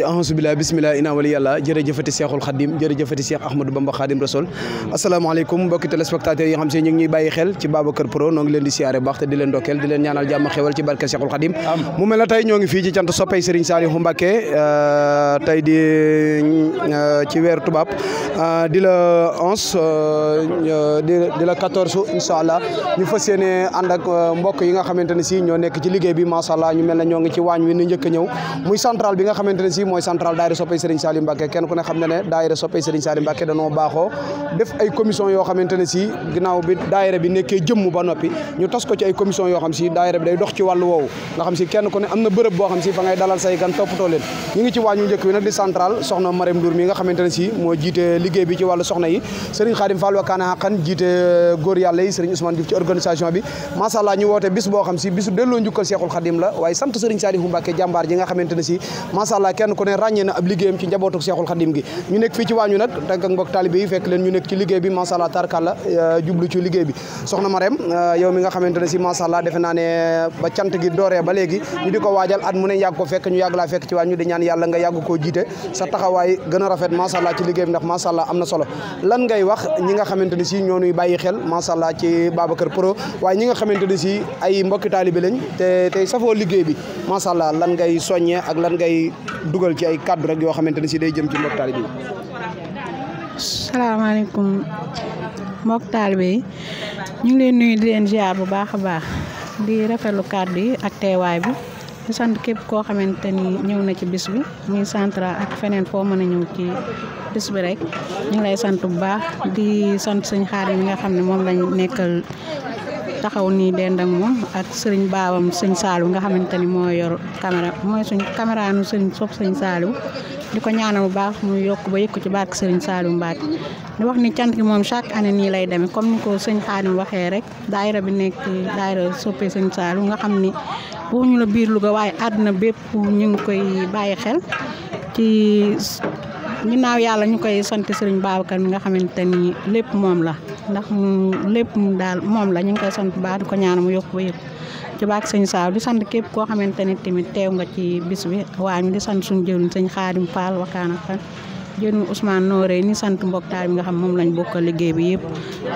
ahasubillah bismillah ina wali yàlla jërëjëfati Seexul Xadim jërëjëfati Seex Ahmadou Bamba Xadim Rasul asalaamaaleykum mbokki téléspectateurs yi nga xam se ñu ngi ñuy bàyyi xel ci Babacar Pro noo ngi leen di siyaare baax te di leen dokkeel di leen ñaanal jàmm xewal ci barke Seexul Xadim mu mel ñoo ngi ci soppay euh, di euh, ci weer tubaab euh, di la onze di la quatorze incha allah ñu fas yéene si ñoo nekk ci bi macha allah ñu mel na ñoo ngi ci waañ wi ni muy central bi nga si moy central daire soppey Serigne Saliou mbake kenn ku ne xamne ne daire soppey Serigne Saliou mbake dañu baxo def ay commission yo xamantene ci si bi daire bi nekké jëm ba nopi ñu tass ko ci ay commission yo xam si daire bi day dox ci walu woow nga xam si kenn ku ne amna na bo xam ci fa ngay dalal say gan toppatoo leen ñi ngi ci wañu ñëk wi nak di central soxna marem Ndour mi nga xamantene ci si jité liggéey bi ci walu soxna yi Serigne Khadim Fall Wakana Haqqan jité euh, gor yalla yi Serigne Ousmane Diouf ci organisation bi masha Allah ñu woote bis bo xam si bisu delo ñukal Cheikhul Khadim la waye sante Serigne Saliou mbake jambar ji nga xamantene ci si masha Allah kenn ko ne ràññee na ab liggéeyam ci njabotou cheikhul khadim gi ñu nek fi ci wañu nak tànk ak mbok talibé yi fekk leen ñu nek ci liggéey bi masàllaa tarkalla euh, jublu ci liggéey bi soxna marem euh, yow mi nga xamantene ci si sha Allah naa ne ba cyant gi doré ba légui ñu diko wajal at mu ne yag ko fekk ñu yag la fekk ci wañu di ñaan yalla nga yag ko jité sa gëna rafet ma rafet Allah ci liggéey bi ndax sha Allah amna solo lan ngay wax ñi nga xamantene ci si ñoo ñuy bàyyi xel Allah ci babakar Pro way ñi nga xamantene ci si ay mbok talibé lañ te tey safo liggéey bi Allah lan ngay soñé ak lan ngay dugal ci ay cadre rek yo xamanteni ci day jëm ci mbok taalibe assalamu alaykum mbok taalibe ñu ngi leen nuyu di leen ziar bu baaxa baax di rafetlu cadre yi ak teewaay bi di sant képp koo xamanteni ñëw na ci bis bi muy centre ak feneen foo mën a ñëw ci bis bi rek ñu ngi lay sant bu baax di sant suñu xaar yi nga xam ne moom lañ nekkal taxaw ni dend ak mom ak serigne babam serigne saalu nga xamanteni mo yor camera mooy suñ camera nu serigne sopp serigne saalu diko ko bu baax mu yok ba yëkku ci barke serigne saalu Mbacke ni wax ni tiant gi mom chaque année ni lay demé comme niko serigne khadim waxé rek daaira bi nekk daaira sopé serigne saalu nga xamni ni la biir ga way adna bepp ñu ngi koy bàyyi xel ci ginnaaw yalla ñu sante serigne babakar nga xamanteni lepp mom la ndax lépp daal moom la ñu ngi koy sant bu baax di ko ñaan mu yokk ba yëpp ci baax sëñ Saaw di sant képp koo xamante ne tamit teew nga ci bis bi waañu di sant suñ jëwriñ sëñ Xaadim Fall waxtaan ak jëwriñ Ousmane Nooré ni sant mbokk taal bi nga xam moom lañ bokk liggéey bi yëpp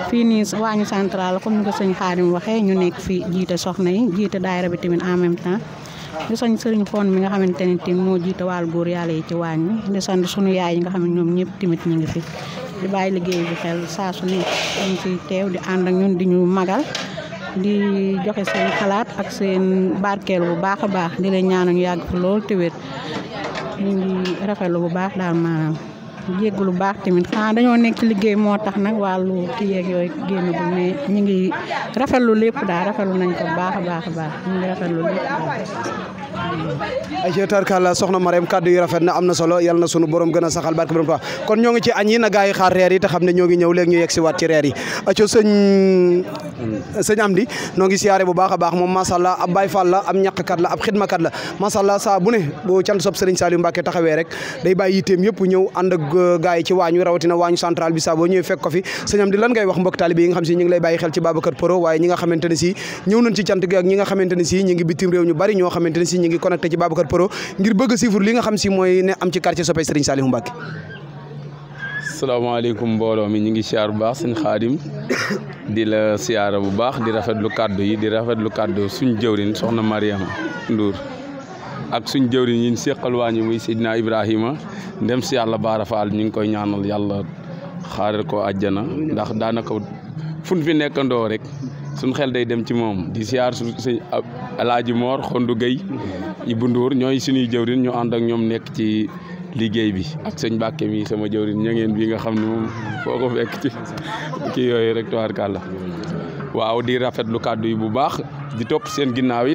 fii nii waañu central comme ni ko sëñ Xaadim waxee ñu nekk fii jiite soxna yi jiite daayira bi tamit en même temps di sant sëriñ Fon mi nga xamante ni tamit moo jiite wàllu góor yàlla yi ci waañ mi di suñu sunu yaay yi nga xam ne ñoom ñëpp tamit ñu ngi fi di bàyyi liggéey bi xel saa su ne dañ teew di ànd ak ñun di ñu magal di joxe seen xalaat ak seen barkeel bu baax a baax di leen ñaanu ñu yàgg fi lool te ñu ngi rafetlu bu baax daal maanaam. jéggulu baax tamit xanaa dañoo nekk liggéey moo tax nag wàllu kii yeeg yooyu génn bu mais ñu ngi rafetlu lépp daal rafetlu nañ ko baax a baax a baax ñu ngi rafetlu lépp daal. ay jeetar kàlla yi rafet na am na solo yal na sunu borom gën a saxal barke borom kon ñoo ngi ci añ yi na gaa yi xaar reer yi te xam ne ñoo ngi ñëw léegi ñu yegg si waat ci reer yi aco sëñ sëñ Amdi noo ngi siyaare bu baax a baax moom masàllaa ab baay fall la ab ñàqkat la ab xidmakat la masàllaa saa bu ne bu cant sob sëriñ Saliou Mbacke taxawee rek day bàyyi yitteem yëpp ñëw ànd ak gaay ci wañu rawati na wañu central bi sa bo ñëwee fekk ko fi señam di lan ngay wax mbokk talib yi nga xam ci ñi ngi lay bayyi xel ci babakar Pro waye ñi nga xamanteni ci ñew nañ ci cant gi ak ñi nga xamanteni ci ñi ngi bitim rew ñu bari ño xamanteni ci ñi ngi connecté ci babakar Pro ngir bëgg sifur li nga xam ci moy ne am ci quartier soppay Serigne Saliou Mbacké salaamaaleykum mbolo mi ñi ngi xiar bu baax sëñ khadim di la siyaara bu baax di rafetlu cadeau yi di rafetlu cadeau suñu jeewrin soxna Mariama Ndour ak suñu jeewrin yi ñu seqal muy sidina Ibrahima dem ci yalla bara faal ñing koy ñaanal yalla xaaral ko aljana ndax danaka fuñ fi nekkando rek suñ xel day dem ci mom di ziar señ sëñ mor xondu gay ibundur Ndour ñooy jaurin jëwrin ñu and ak ñom nekk ci liggey bi ak señ bakke mi sama jeewrin ña ngeen bi nga xamni mom foko fekk ci ki yoy rek waaw di lu kaddu yu bu baax di top seen ginnaaw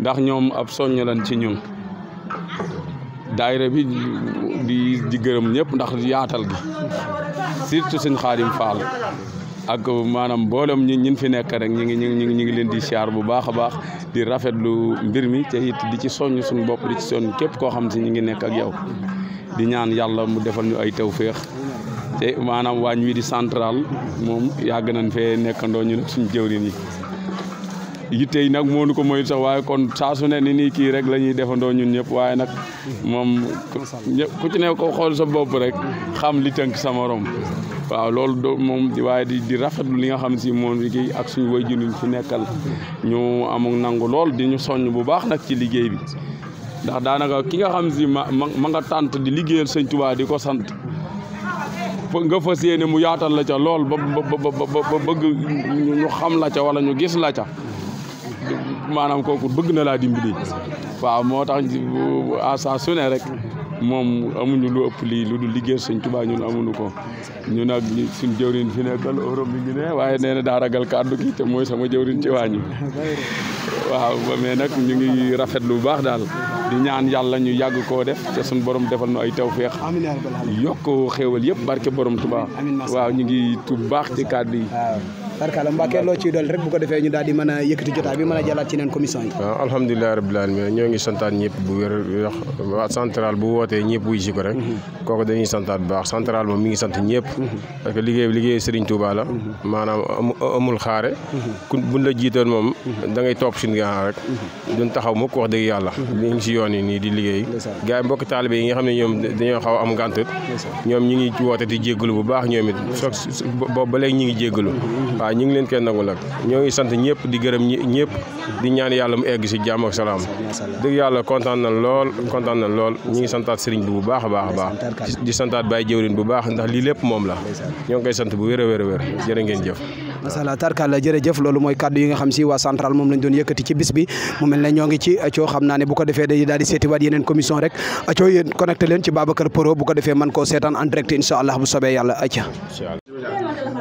ndax ñom ab soñu lan ci ñun daayira bi di di gërëm ñëpp ndax yaatal gi surtout sëñ Xaadim Fall ak maanaam mboolem ñi ñin fi nekk rek ñi ngi ñi ngi ñi ngi leen di siyaar bu baax a baax di rafetlu mbir mi te it di ci soññ suñu bopp di ci soññ képp koo xam si ñu ngi nekk ak yow di ñaan yàlla mu defal ñu ay tawféex te maanaam waañ wii di central moom yàgg nañ fee nekkandoo ñu nag suñu jëwriñ yi yitte nak nag moonu ko moy sa way kon sa su ne ni nii kii rek lañuy defando ñun ñep waaye nak mom ku ci ne ko xol sa bop rek xam li teunk sa morom waaw lool do di way di di rafetlu li nga xam si moom liggéey ak suñu way junuñ fi nekkal ñu ak nangu lool di ñu soñ bu baax nak ci liggéey bi ndax daanaka ki nga xam ci ma nga tante di liggéeyal señ tuba di ko sante nga fassiyene mu yaatal la ca lool ba ba ba bëgg ñu xam la ca wala ñu gis la ca maanaam kooku bëgg na laa dimbali waaw moo tax à saa su rek moom amuñu lu ëpp lii lu dul liggéey sëñ Tuubaa ñun amuñu ko ñu nag suñ jëwriñ fi nekkal Europe bi ngi ne waaye nee na daa ragal kàddu gi te mooy sama jëwriñ ci waañu waaw mais nag ñu ngi rafet lu baax daal di ñaan yàlla ñu yàgg koo def te suñ borom defal nu ay tawféex yokk xéewal yëpp barke borom Tuubaa waaw ñu ngi tub baax ci kàddu yi tarkala mbaa kenn loo rek bu ko ñu di mën a bi mën a ci neen commission yi waaw rabbil alamin ñoo ngi santaat ñëpp bu wér wax central bu wootee ñëpp wuy si ko rek mhm. dañuy baax central mi ngi sant ñëpp mhm. parce que liggéey liggéey Serigne Touba la mhm. amul xaare ku la jiitoon moom da ngay topp suñu gannaaw rek duñ taxaw wax si yoon yi di liggéey gars yi mbokki yi nga xam ñoom dañoo xaw am gàntut ñoom ñu ngi woote di jéggalu bu baax ñoom it ba ngi waaw ñu ngi leen koy nangul ak ñoo ngi sant ñëpp di gërëm ñëpp di ñaan yàlla mu egg si jàmm ak salaam dëgg yàlla kontaan na lool kontaan na lool ñu ngi santaat sëriñ bi bu baax a baax a baax di santaat Baye Jëwrin bu baax ndax lii lépp moom la ñoo ngi koy sant bu wér a wér a wér jërë ngeen jëf macha allah tarkalla jëf loolu mooy kaddu yi nga xam si waa central moom lañ doon yëkkati ci bis bi mu mel ne ñoo ngi ci acoo xam naa ne bu ko defee dañuy daal di seetiwaat yeneen commission rek acoo yéen connecté leen ci Babacar Pro bu ko defee man koo seetaan en direct incha allah bu sobee yàlla aca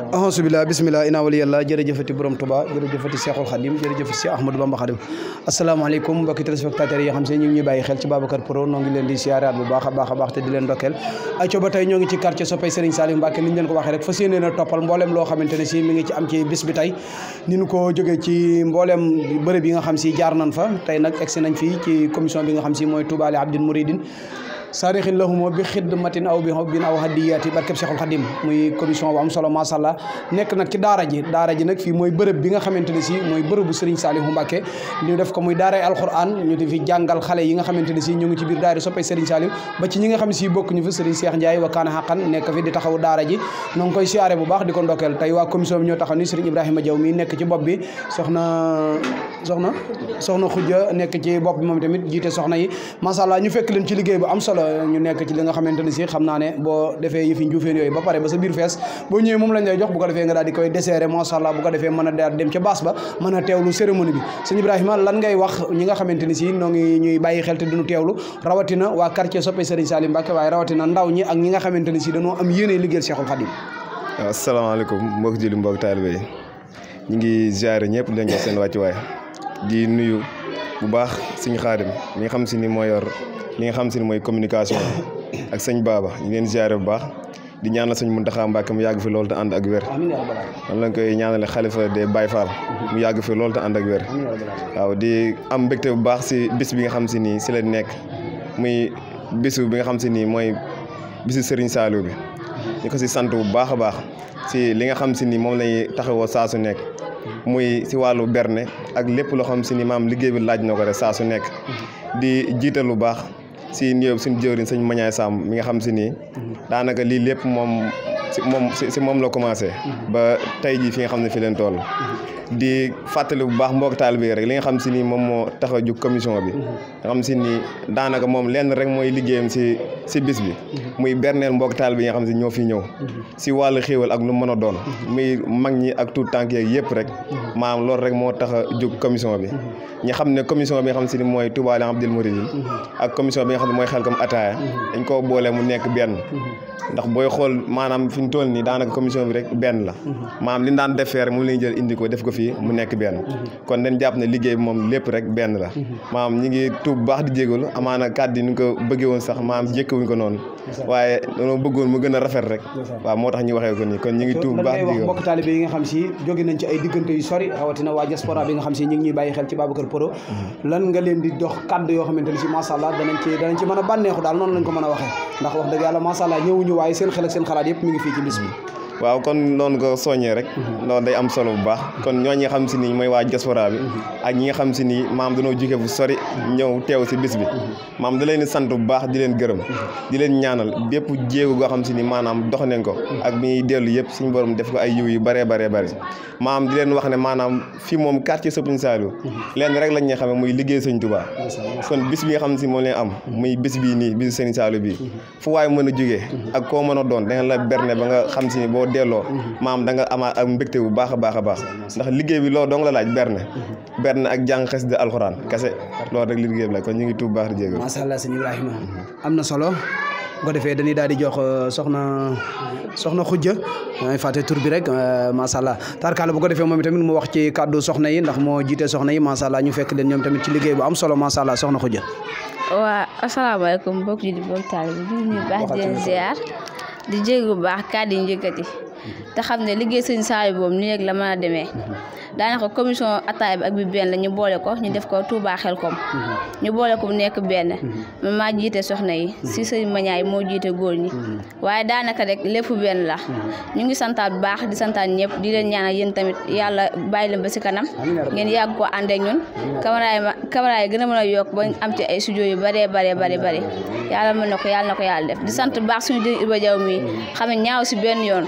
ahasubillah bisimillah inaa wali yàlla jërëjëfati borom Touba jërëjëfati Seexul Xadim jërëjëf si Ahmadou Bamba Xadim asalaamaaleykum mbokki téléspectateurs yi xam se ñu ngi xel ci Babacar Pro noo a a baax te di leen rek fas yéene na toppal mbooleem loo xamante ne si mi ngi ci am ci bis bi ko jógee ci mbooleem bërëb yi nga xam si jaar nañ fa tey nag egsi nañ fii ci commission bi nga xam si mooy Touba li Abdin saarixin lahum bi khidmatin aw bi bin aw hadiyati barkab Cheikhul Khadim muy commission wa am solo macha allah nek nak ci dara ji dara ji nak fi moy bërëb bi nga xamanteni ci moy mooy Serigne Saliou mbake ñu def ko muy ay alquran ñu di fi jangal xalé yi nga xamanteni ci ñu ngi ci bir dara soppay Serigne Saliou ba ci ñi nga xam ci bokku ñu fi Serigne Cheikh ndjay wa kan haqan nek fi di taxaw dara ji nang koy siaré bu baax diko ndokel tay wa commission ñoo taxaw ni Serigne Ibrahima Diaw mi nek ci bop bi soxna soxna soxna Khoudia nek ci bop bi mom tamit jité soxna yi sha allah ñu fekk leen ci liggéey bu am solo la ñu nekk ci li nga xamanteni ci xamna ne bo defé yëfi njuufeen yoy ba paré ba sa biir fess bo ñëwee mom lañ lay jox bu ko defé nga daal di koy desserrer macha allah bu ko defé mëna daal dem ci bass ba mëna a cérémonie bi sëñ Ibrahima lan ngay wax ñi nga xamanteni ci no ngi ñuy bayyi xel té duñu rawati na wa quartier soppe Serigne Salim way rawati na ndaw ñi ak ñi nga xamanteni ci dañu am yéene liggéeyal Cheikhul Khadim assalamu alaykum mbokk jël mbokk talibé ñi ngi ziaré ñepp lañ jox seen way di nuyu bu baax suñu khadim mi xam ci ni mo yor li nga xam si ne mooy communication ak sëñ baaba ñu leen ziare bu baax di ñaanal sëñ Muntaxa Mbàkke mu yàgg fi loolu te ànd ak wér man lañ koy ñaanale xalifa des Baye Fall mu yàgg fi loolu te ànd ak wér waaw di am mbégte bu baax si bis bi nga xam si nii si la nekk muy bisu bi nga xam si nii mooy bisu Serigne Saliou bi ñu si sant bu baax a baax si li nga xam si ni moom lañuy taxawoo saa su nekk muy si wàllu berne ak lépp loo xam si ni maam liggéey bi laaj na ko rek saa su nekk di jiital lu baax si ñëw suñu jëwriñ sëñ Mañaay Samb mi nga xam si nii daanaka lii lépp moom si moom si moom la commencé mm-hmm. ba tey jii fi nga xam ne fi leen tool mm-hmm. di fàttali bu baax mbokk taalibe yi rek li nga xam si ni moom moo tax a jug commission bi. Mhm. nga xam si ni moom lenn rek mooy liggéeyam si si bis bi. Mhm. muy berneel mbokk taalibe yi nga xam si ñoo fi ñëw. Mhm. si wàllu xéewal ak lu mën a doon. muy mag ñi ak tout tànk yeeg yëpp rek. maanaam moo tax a jug commission bi. ñi xam ne commission bi xam si mooy Touba Li Abdil Mouridine ak commission bi nga xam ne mooy Xelcom ataaya. dañ koo boole mu nekk benn. ndax booy xool maanaam fi ñu nii daanaka commission bi rek benn la. maanaam li ñu daan defee rek moom la jël indi ko def ko fii mu nekk benn kon dañ jàpp ne liggéey moom lépp rek benn la maanaam ñi ngi tuub baax di jégalu amaana kàddu yi ni ko bëggee woon sax maanaam jékkewuñ ko noonu waaye dañoo bëggoon a rafet rek waaw moo tax xel ci Babacar Pro mm-hmm. lan nga leen di dox kàddu yoo xamante ne si maasàllaa ci danañ a bànneexu daal noonu lañ ko mën a waxee ndax wax dëgg yàlla ñëwuñu waaye seen xel seen xalaat yëpp mi ngi fii ci bis bi waaw kon non ko soññee rek mhm. loolu day am solo bu baax kon ñoo ñi xam si ni mooy waa diaspora bi mhm. ak ñi xam si ni maam dañoo jóge bu sori ñëw teew si bis bi mhm. maam da leen di sant bu baax di leen gërëm di leen ñaanal bépp jéego goo xam si ni maanaam dox nañ ko ak mi ñuy dellu yëpp suñu borom def ko ay yiw yu bare bare bare maam di leen wax ne maanaam fii moom quartier Sëriñ Saliou leen rek lañ ñuy xamee muy liggéey Sëriñ Tuubaa kon bis bi nga xam si moom leen am muy bis bii nii bisu Sëriñ Saliou bii fu waay mën a jógee ak koo mën a doon da nga la berne ba nga xam si ni boo delloo mhm. maam da nga amaat ak mbégte bu baax a baax a baax ndax liggéey bi loolu dong la berne mhm. berne ak jàng xes de alxuraan kese loolu rek liggéey bi la kon ñu ngi tuub baax di jéego macha allah sëñ mhm. na solo bu ko defee dañuy daal di jox euh, soxna soxna xujja may fàtte tur bi rek euh, macha allah tarkaala bu ko defee moom tamit mu wax ci kàddu soxna yi ndax moo jiite soxna yi macha allah ñu fekk leen ñoom tamit ci liggéey bu am solo macha allah soxna xujja waa asalaamaaleykum mbokk yi di mbokk taal bi ñu baax di leen di jéeg bu baax kàddu yi njëkkati mm-hmm. te xam ne liggéey sëñ Saliou boobu nii rek la mën a demee mm-hmm. daanaka commission ataay bi ak benn la ñu boole ko ñu def ko Touba Xelkom mhm. ñu boole ko mu nekk benn man mhm. ma jiite soxna yi mhm. si sëñ mañaay moo jiite góor ñi waaye daanaka rek lépp benn la ñu ngi santaat bu baax di santaat ñëpp di leen ñaanal yéen tamit yàlla bàyyi leen ba si kanam ngeen yàgg ko ànd ak ñun caméra yi yi gën a mën a yokk ba am ci ay studio yu bare bare bare bare yàlla mën na ko yàlla na ko yàlla def di sant baax suñu dëgg Iba Jaw mi xam ñaaw si benn yoon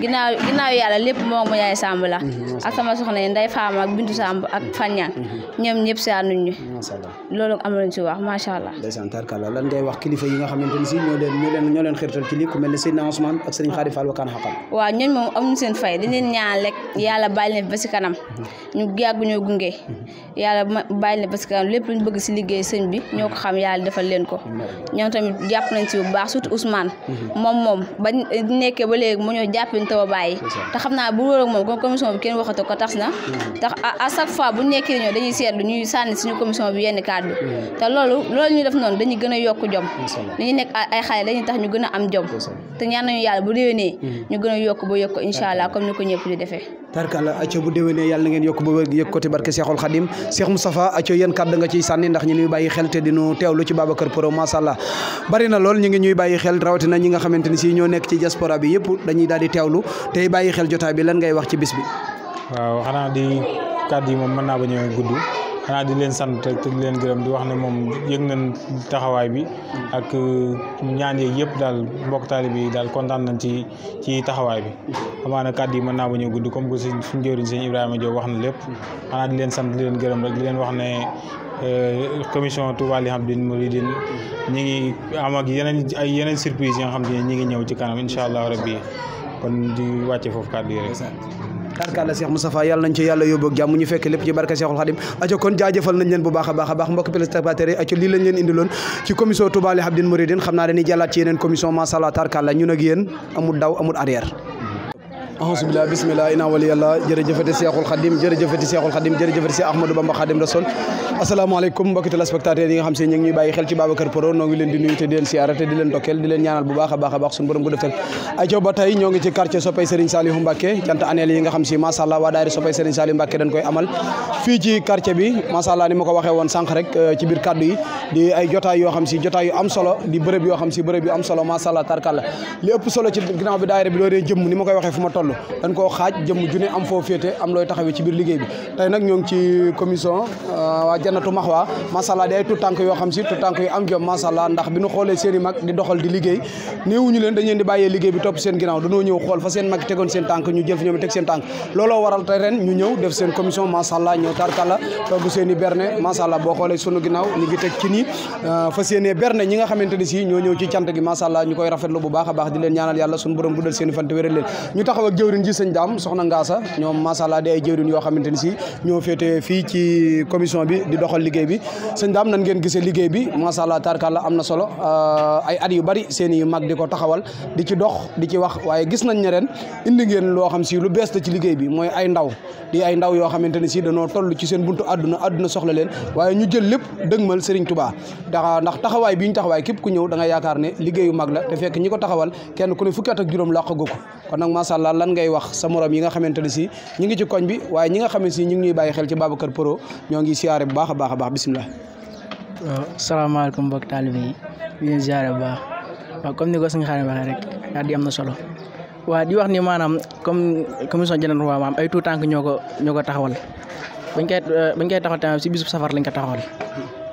ginnaaw lépp moo ma ne Ndeye Fama ak Bintu Samb ak Fanyang mhm. ñoom ñëpp si ànduñ ñu loolu am nañ ci wax macha allah lan ngay wax kilifa yi nga xamante ni si ñoo leen ñoo leen ñoo leen mel ne ba si kanam ñu yàgg ñoo gunge yàlla bàyyi leen ba si kanam mhm. mhm. lépp si liggéey sëñ bi ñoo ko xam yàlla defal leen ko ñoom tamit jàpp nañ si bu baax surtout Ousmane moom moom ba ba léegi mu ñoo jàpp ñu taw a bàyyi te xam naa bu wóor ak moom comme commission bi kenn waxatu ko tax na tax à chaque fois bu nekkee ñoo dañuy seetlu ñuy sànni suñu commission bi yenn kàddu mm. te loolu loolu ñu def noonu dañuy gën a yokk jom dañuy nekk ay xale dañuy tax ñu gën a am jom te ñaan nañu yàlla bu déwénee mm. ñu gën a yokk ba yokk incha allah comme ni ko ñëpp di defee tarkala acco bu déwénee yàlla na ngeen yokk ba yëg côté barke Cheikhul Khadim Cheikh Moustapha acco yéen kàddu nga sànni ndax ñu ñuy bàyyi xel te dinu teewlu ci Babacar Pro maasàllaa bari na lool ñu ngi ñuy bàyyi xel rawatina ñi nga xamante ni si ñoo nekk ci diaspora yëpp dañuy daal di teewlu tey bàyyi xel bi lan ngay wax ci bis bi waaw xanaa di kàddu yi moom mën naa ba ñëw gudd xanaa di leen sant rek te di leen gërëm di wax ne moom yëg nañ taxawaay bi ak euh, ñaan yeeg yëpp daal mbokk taalibe yi daal kontaan nañ ci ci taxawaay bi xamaa na kàddu yi mën naa ba gudd comme que si suñu jëwriñ Ibrahima Diop wax na lépp xanaa di leen sant di leen gërëm rek di leen wax ne euh, commission Touba li xam din muridin ñi ngi am ak yeneen ay yeneen surprise yi nga xam ne ñi ngi ñëw ci kanam incha allah rabbi kon di wàcce foofu kàddu yi rek darkaa la Cheikh Moustapha yàlla nañ ci yàlla yóbbu ak ñu fekk lépp ci barka Cheikhul Khadim aco kon jaajëfal nañ leen bu baax a baax a baax mbokk téléspectateurs yi aco lii lañ leen indiloon ci commission Touba li Habdine Mouridine xam naa dañuy jàllaat ci yeneen commission masàllaa tarkaa la ñun ak yéen amul daw amul arrière ahasubillah bisimillah ina waliyallah jërëjëfati Khadim xadim jërëjëfati seexul Khadim jërëjëfati si ahmadou bamba xadim rasul asalaamaaleykum mbokki téléspectateurs yi nga xam si ñu ngi ñuy bàyyi xel ci Babacar Pro noo ngi leen di nuyu te di leen siyaare te di leen dokkeel di leen ñaanal bu baax a baax a borom ko defal ay coow ba ñoo ngi ci quartier soppay Serigne Saliou Mbacké jant aneel yi nga xam si masallah waa daayira soppay Serigne Saliou Mbacké dañ koy amal fii ci quartier bi masallah ni ma ko waxee woon sànq rek euh, ci biir kaddu yi di ay jotaay yoo xam si jotaay yu am solo di bërëb yoo xam si bërëb yu am solo masallah tarkalla li ëpp solo ci ginnaaw bi daayira bi loo dee jëm ni ma koy waxee fu tollu dañ ko xaj jëm juñu am fo fété am loy taxawé ci bir liggéey bi tay nak ñong ci commission euh, wa jannatu mahwa ma sha Allah day tout tank yo xam ci tout tank yu am jom ma sha Allah ndax biñu xolé i mak di doxal di liggéey néewuñu leen dañ leen di bayé liggéey bi top seen ginaaw dañu ñëw xol fa seen mak tégon seen tank ñu jël fi ñom tek seen tank lolo waral tay ren ñu ñëw def seen commission ma sha Allah ñëw tarkala togg seen ma sha Allah bo xolé suñu ginaaw ñu gi tek ci ni euh, fa seené i berne ñi nga xamanteni ci ñoo ñëw ci cant gi ma masalla ñu koy rafetlu bu baaxa baax di leen ñaanal yalla suñu borom guddal seen i fan te wéral leen ñu taxaw ak jëwrin ji sëñ dam soxna Ngaasa ñom masala sha Allah day yoo yo xamanteni si ñoo fété fi ci commission bi di doxal liggéey bi sëñ dam nan ngeen gisee liggéey bi masala tarkala am amna solo euh, ay at yu bari seen yu mag di taxawal di ci dox di ci wax waye gis nañ ne ren indi ngeen lo xam si lu best ci liggéey bi moy ay ndaw di ay ndaw yo xamanteni ni si dañoo ci seen buntu aduna aduna soxla leen waye ñu jël lepp dëgmal Serigne Touba ndax taxawaay bi ñu taxaway kep ku ñew da nga yaakar ne yu mag la te fekk ñiko taxawal kenn ku ne fukkat ak juróom làqagu ko kon sha masala lan ngay wax sa morom yi nga xamante ne si ñu ngi ci koñ bi waaye ñi nga xamante si ñu ngi ñuy bàyyi xel ci Babacar Pro ñoo ngi siyaare bu baax a baax a baax la waaw salaamaaleykum mbokk taalibe yi ñu siyaare bu baax waaw comme ni ko suñu xaaree ba rek daal di am na solo waa di wax ni maanaam comme comme commission jeneen waa am ay tuut tànk ñoo ko ñoo ko taxawal bañ koy bañ koy taxawal tamit si bisub safar lañ ko taxawal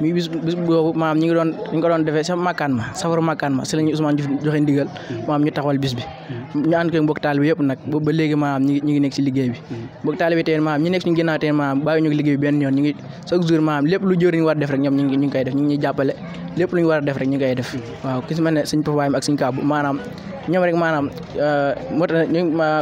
mi bis bis boobu maam ñi ngi doon defee sa makkaan ma safaru makkaan ma si la ñu Ousmane joxe ndigal mm. maam ñu taxawal bis bi mm. ñu ànd koy mbokk taalibe yëpp nag ba léegi maam ñi nekk si liggéey bi mm. mbokk taalibe tey maam ñi nekk suñu ginnaaw tey maam bàyyi ñu ko liggéey bi benn yoon ñu ngi chaque jour maam lépp lu jëriñ war def rek ñoom ñu ngi ñu def ñu ngi jàppale lépp lu ñu war def rek ñu ngi def waaw ki si mel ne suñ papaayam ak suñ kaabu maanaam ñoom rek maanaam euh, moo tax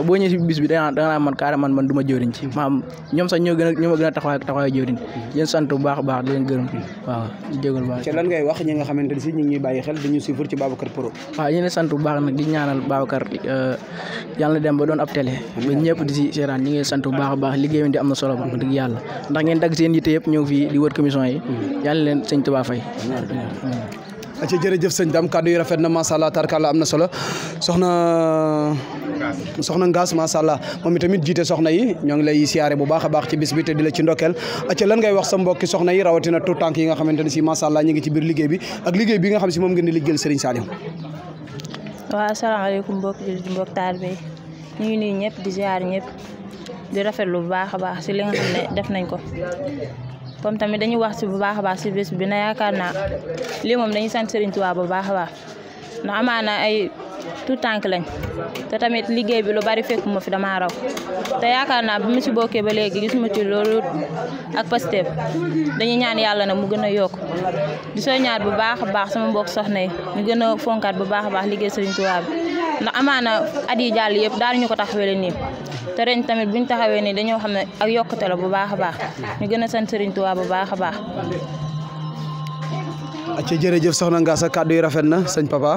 boo ñëwee bi da nga naan man man man du ma jëwriñ ci maanaam ñoom sax ñoo gën a ñoo a taxawaay taxawaay jëwriñ mm-hmm. leen baax a baax di leen gërëm waaw jégal baax ci lan ngay wax ñi nga xamante ne si ñu ngi ñuy bàyyi xel di ñu suivre ci Babacar Pro waaw ñu ne baax nag di ñaanal Babacar euh, yàlla dem ba doon ab télé ba ñëpp di si seeraan ñi ngi bu baax a baax liggéey bi di am na solo wax dëgg yàlla ndax ngeen dagg seen yitte yëpp ñëw fii di wër commission yi mm-hmm. yàlla leen sëñ Tuubaa fay mm. ci jërëjëf sëñ Dame kàddu yi rafet na macha allah tarkalla am na solo soxna soxna Ngaas macha allah moom itamit jiite soxna yi ñoo ngi lay siyaare bu baax a baax ci bis bi te di la ci ndokkeel ci lan ngay wax sa mbokki soxna yi rawatina tout tànk yi nga xamante ne si macha allah ñu ngi ci biir liggéey bi ak liggéey bi nga xam si moom ngeen di liggéeyal Serigne Saliou. waaw asalaamaaleykum mbokki jullit mbokk taalibe ñu ngi nuyu ñëpp di ziare ñëpp di rafet lu baax a baax si li def nañ ko comme tamit dañuy wax si bu baax a baax si bi na yaakaar naa lii moom dañuy sant Serigne Touba bu baax a baax ndax amaana ay tout tànk lañ te tamit liggéey bi lu bari fekk ma fi damaa raw te yaakaar naa bu mu si bokkee ba léegi gis ma ci loolu ak Pastef dañuy ñaan yàlla na mu gën a yokk di soo ñaar bu baax a baax sama mbokk soxna yi ñu gën a fonkaat bu baax a baax liggéey Serigne Touba bi ndax amaana at yi jàll yëpp daal ñu ko taxawee nii te ren tamit buñ taxawee nii dañoo xam ne ak yokkute la bu baax a baax ñu gën a sant Serigne Touba bu baax a baax. acca jërëjëf soxna nga sa kàddu yi rafet na sëñ papa.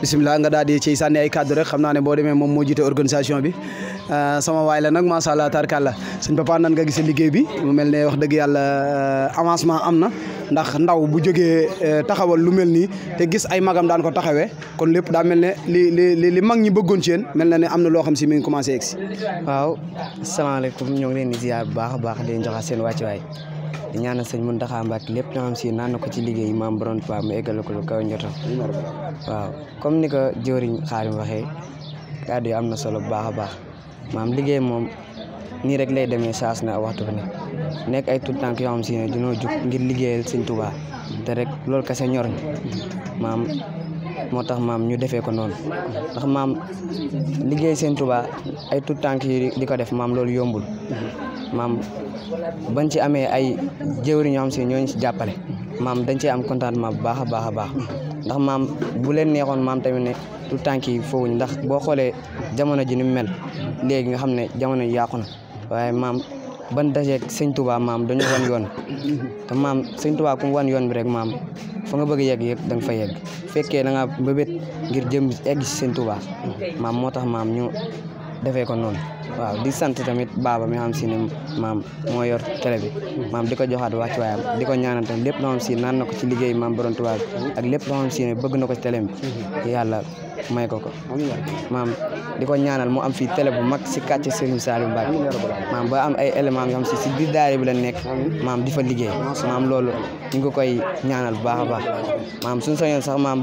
bisimilah nga daal di ciy sànni ay kàddu rek xam naa ne boo demee moom moo jiite organisation bi euh, sama waay la ma macha allah tarkalla suñ papa nan nga gisee liggéey bi mu mel ne wax dëgg yàlla euh, avancement am na ndax ndaw bu jógee euh, taxawal lu mel nii te gis ay magam daan ko taxawee kon lépp daa mel ne li li li mag ñi bëggoon ci yéen mel na ne am na loo xam si mi ngi commencé egg si. waaw asalaamaaleykum ñoo ngi leen di ziar bu baax a baax di leen joxe seen wàccuwaay di ñaanal sëñ Mountakha Mbacké lépp loo xam si naan na ko ci liggéey maam borom Tuubaa mu eggale ko ka kaw njottam waaw comme ni ko jëwriñ Xaadim waxee kàddu yi am na solo bu baax a baax maam liggéey moom nii rek lay demee saas na waxtu bu nekk nekk ay tout tànk yoo xam si ne dinoo jug ngir liggéeyal sëñ Tuubaa te rek loolu kese ñor maam moo tax maam ñu defee ko noonu ndax maam liggéey seen Tuubaa ay tout tànk yi di ko def maam loolu yombul maam bañ ci amee ay jëwri ñoo xam si ñooñu ci jàppale maam dañ ci am contentement bu baax a baax a baax ndax maam bu leen neexoon maam tamit ne tout tànk yi foowuñ ndax boo xoolee jamono ji ni mel léegi nga xam ne jamono ji na waaye maam ban dajeeg sëñ Touba maam dañu wan yoon te maam sëñ Touba ku wan yoon bi rek maam fa nga bëgg a yegg yëpp da fa yegg fekkee da nga mbébét ngir jëm egg si sëñ Touba maam moo tax maam ñu defee ko noonu waaw di sant tamit baaba mi xam si ne maam moo yor tele bi maam di ko joxaat wàcc waayam di ko ñaananta lépp loo xam si naan na ko ci liggéey maam borom Touba ak lépp loo xam si ne bëgg na ko ci télé yàlla may ko ko maam di ko ñaanal mu am fi télé bu mag si kàcce Serigne Saliou Mbacke maam ba am ay éléments yoo xam si si biir daara nekk maam di fa liggéey maam loolu ñu ngi koy ñaanal bu baax a baax maam suñu sañoon sax maam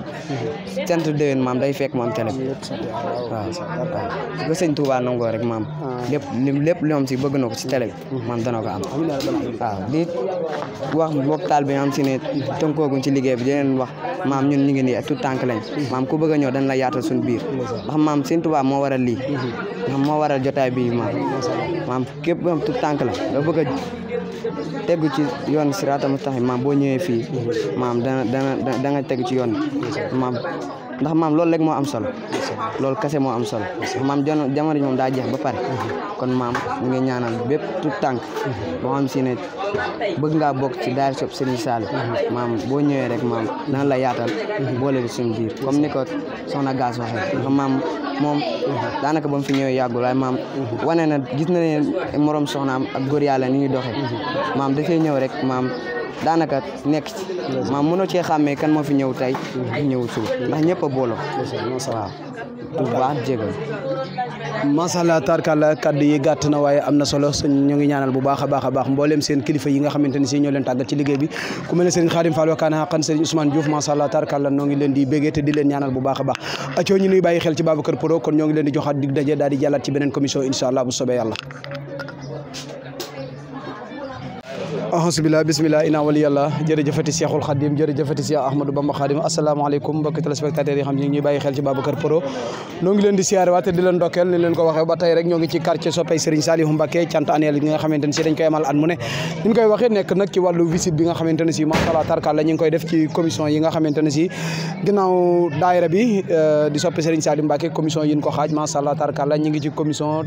cant déwén maam day fekk mu am télé bi waaw waaw ko sëñ Touba nangoo rek maam lépp lépp li si bëgg na ko si télé bi maam dana ko am waaw di wax mbokk taal bi nga si ne tënkooguñ ci liggéey bi di leen wax maam ñun ñu ngi nii tout tànk lañ maam ku bëgg a ñëw dañ la yaatal suñu biir ndax maam Sëñ Tuubaa moo waral lii maam moo waral jotaay bii maam maam képp maam tout tànk la nga bëgg a tegu ci yoon siraatal mustaqiim maam boo ñëwee fii maam dana da nga tegu ci yoon maam ndax maam loolu rek moo am solo loolu kese moo am solo maam jamono moom daa jeex ba pare kon maam ñu ngi ñaanal bépp tout tànk boo xam si ne bëgg ngaa bokk ci daara sopp Serigne Saliou maam boo ñëwee rek maam dana la yaatal boole bi suñu biir comme ni ko soxna Gaas waxee ndax maam moom daanaka ba mu fi ñëwee yàggul waaye maam wane na gis na ne morom soxnaam ak góor yàlla ni ñuy doxee maam dafay ñëw rek daanaka nekk ci maam mënoo cee xàmmee kan moo fi ñëw tey ñëwul suba ndax ñëpp a booloo waaw Touba jégal masala tarkala kaddu yi na waaye am na solo sëñ ñu ngi ñaanal bu baax a baax a baax mbooleem seen kilifa yi nga xamante ni si ñoo leen tàggat ci liggéey bi ku mel ne sëriñ Xaadim wakaana xaqan sëriñ Ousmane Diouf masala tarkala noo ngi leen di bégee te leen ñaanal bu baax a baax acoo ñu nuy xel ci Babacar Pro kon ñoo leen di joxaat di jàllaat ci beneen commission Assalamualaikum bisimila ina wali Ahmadou Bamba yi xam ñi ñuy xel ci Pro ngi leen di siar waate di leen dokkeel ni leen ko waxee ba tey rek ñoo ci quartier soppay Serigne Saliou Mbacké cant annuel nga xamante ne dañ koy amal at mu ne ñu koy waxee nekk nag ci wàllu visite bi nga xamante ne si tarkal la ñu koy def ci commission yi nga xamante ne si bi euh, di soppi Serigne Saliou Mbacké commission yi ñu ko xaaj masala tarkal la ñu ngi ci commission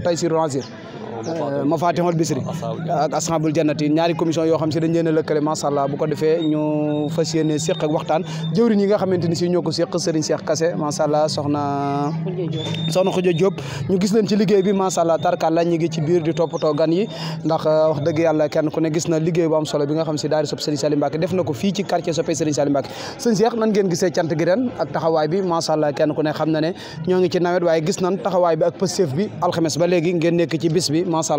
euh, ak Ashabul Jannati ñaari commission yoo xam si dañ leen a lëkkale macha allah ko defee ñu fas yéene séq waxtaan jëwriñ yi nga xamante ni si ñoo ko séq Serigne Cheikh Kassé macha allah soxna soxna Khoudia Diop ñu gis leen ci liggéey bi macha allah tarkalla ñi ngi ci biir di toppatoo gan yi ndax euh, wax dëgg yàlla kenn ku ne gis na liggéey bu solo bi nga xam si daari sopp Serigne Saliou Mbacké def na ko fii ci quartier soppe Serigne Saliou Mbacké Serigne Cheikh nan ngeen gisee cant gi ren ak taxawaay bi macha allah kenn ku ne xam na ne ñoo ngi ci nawet waaye gis nan taxawaay bi ak pëstef bi ba léegi ngeen nekk ci bis bi macha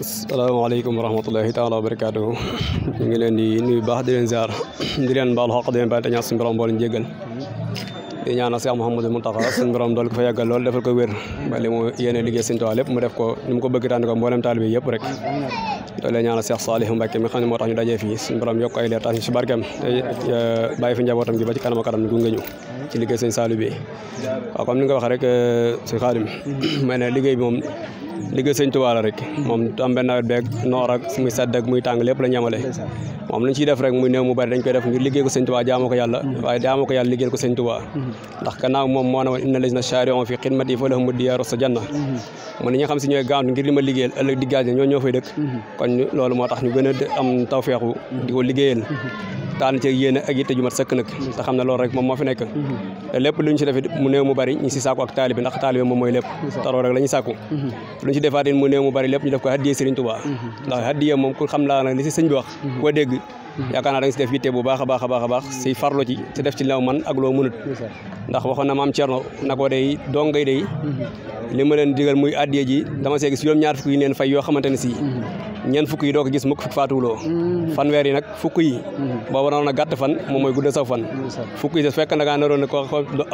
asalaamaaleykum wa rahmatullahi taala wa barakaatuhu ñu ngi leen di nuyu baax di leen ziar di leen baalu xaq di leen baal te ñaan suñu borom boole ñu lool defal ko wér ba li mu yéene liggéey Sëñ Tuubaa lépp mu def ko ni mu ko bëgg tànn ko mboolem taalibe rek dool leen ñaanal Cheikh Saliou mi xam ne moo tax ñu dajee fii suñu borom yokk leer tax ñu si barkeem e, fi njabootam gi ba ci kanam ak kanam ñu gunge ñu ci liggéey Sëñ Saliou bi waaw comme ni nga liggéey sëñ Tuubaa la rek moom am benn nawet beeg noor ak muy sedd muy tàng lépp la ñamale moom lañ ciy def rek muy néew mu bari dañ koy def ngir liggéey ko sëñ Tuubaa jaamoo ko yàlla waaye jaamoo ko yàlla liggéeyal ko sëñ Tuubaa ndax gannaaw moom moo ne woon inna lazina shari'u fi xidmati fa lahum diyaaru sa janna mu ne ñi nga xam si ñooy gaantu ngir li ma liggéeyal ëllëg diggaal ñoo ñoo fay dëkk kon loolu moo tax ñu gën a am tawfeexu di ko liggéeyal daan ci yéene ak yitte ju sëkk nag te xam ne loolu rek moom moo fi nekk mhm. te lépp lu ñu ci defit mu néew mu bari ñu si sàkku ak taalibi ndax taalibi moom mooy lépp te rek la ñuy mhm. lu ñu ci defaatin mu néew mu bari lépp ñu def ko haddiyee Serigne Touba mhm. ndax haddiyee moom ku xam laa nag li si sëñ bi dégg Hmm. yaakaar naa a nga si def yitte bu baax a baax a baax a baax si farlu si def ci law man ak loo mënut ndax waxoon na maam Thierno na ko day dongay day hmm. li ma leen digal muy addiye ji dama see si juróom-ñaar fukk yi leen yoo xamante ne si hmm. ñeent fukk yi doo ko gis mukk fukk faatuwuloo fanweer yi nag fukk yi boo waroon a gàtt fan moom mooy guddal saw fan fukk yi su fekk na ngaa naroon ko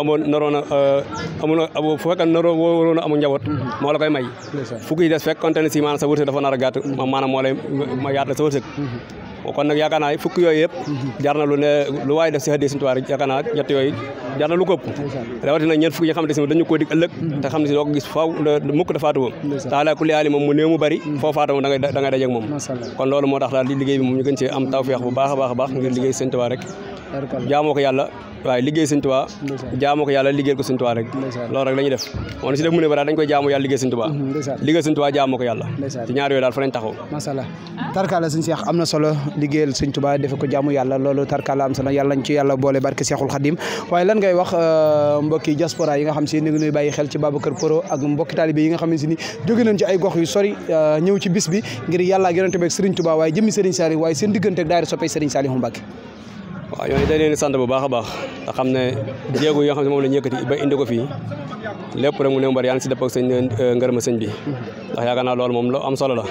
amoon naroon euh, a amul fu fekk naroon waroon a amul njaboot moo la koy may fukk yi des fekk konte ne si maanaam sa wërsëg dafa nar a gàtt maanaam moo lay ma yaat la sa wërsëg kon nag yaakaar naa fukk yooyu yëpp jar na lu ne lu waaye def si hadiya Sëriñ Tuubaa yaakaar ñett yooyu jar na lu ko ëpp rawatina ñeent fukk yi nga xamante ne dañu koo dig ëllëg te xam ne si mukk da faatu moom te ala kulli moom mu néew mu bari mm. foo faatu moom da ngay moom kon loolu moo tax daal liggéey bi moom ñu gën ci am tawfeex bu baax a baax a baax ngir liggéey Sëriñ Tuubaa rek jaamoo ko yàlla liggéey sëñ Tuubaa jaamoo ko yàlla liggéeyal ko sëñ Tuubaa rek loolu def on si def mu bara dañ koy jaamu yàlla liggéey sëñ Tuubaa mhm, liggéey sëñ Tuubaa jaamoo ko yàlla ci ñaar yooyu daal fa lañ taxaw masala tarkala sëñ am na solo liggéeyal sëñ Tuubaa defe ko jaamu yàlla loolu tarkala am solo yàlla nañ yàlla boole barke Cheikhul Khadim waaye lan ngay wax euh, mbokki diaspora yi nga xam si ni ngi ci ay gox yu sori euh, ñëw ci bis bi ngir yàlla ak waaw ñooñu dañ leen di sant bu baax a baax nga xam ne jéego yoo xam ne moom la ñu yëkkati ba indi ko fii lépp rek mu ne mbar yàlla si dëpp ak sëñ ngërëma sëñ bi ndax yaakaar naa loolu moom lu am solo la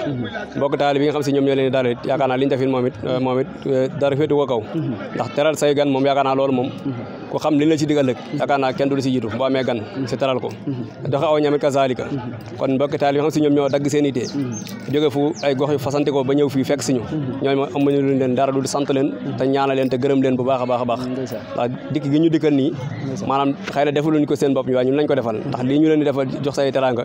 mbokk taali bi nga xam si ñoom ñoo leen di daal it yaakaar naa li ñu defin moom it moom it euh, euh, dara féetu ko kaw ndax teral say gan moom yaakaar naa loolu moom ku xam li la ci digal ëllëg yaakaar naa kenn du si jiitu boo amee gan si teral ko doxe aw ñamit kazalika kon mbokk taali bi nga xam si ñoom ñoo dagg seen itee jóge fu ay gox yu fasante ko ba ñëw fii fekk si ñu ñooñu ma amuñu luñ leen dara du sant leen te ñaana leen te gërëm leen bu baax a baax a baax ndax dikk gi ñu dikkal nii maanaam xëy na defaluñ ko seen bopp ñu waaye ñun lañ ko defal ndax lii ñu leen di defal jox say teranga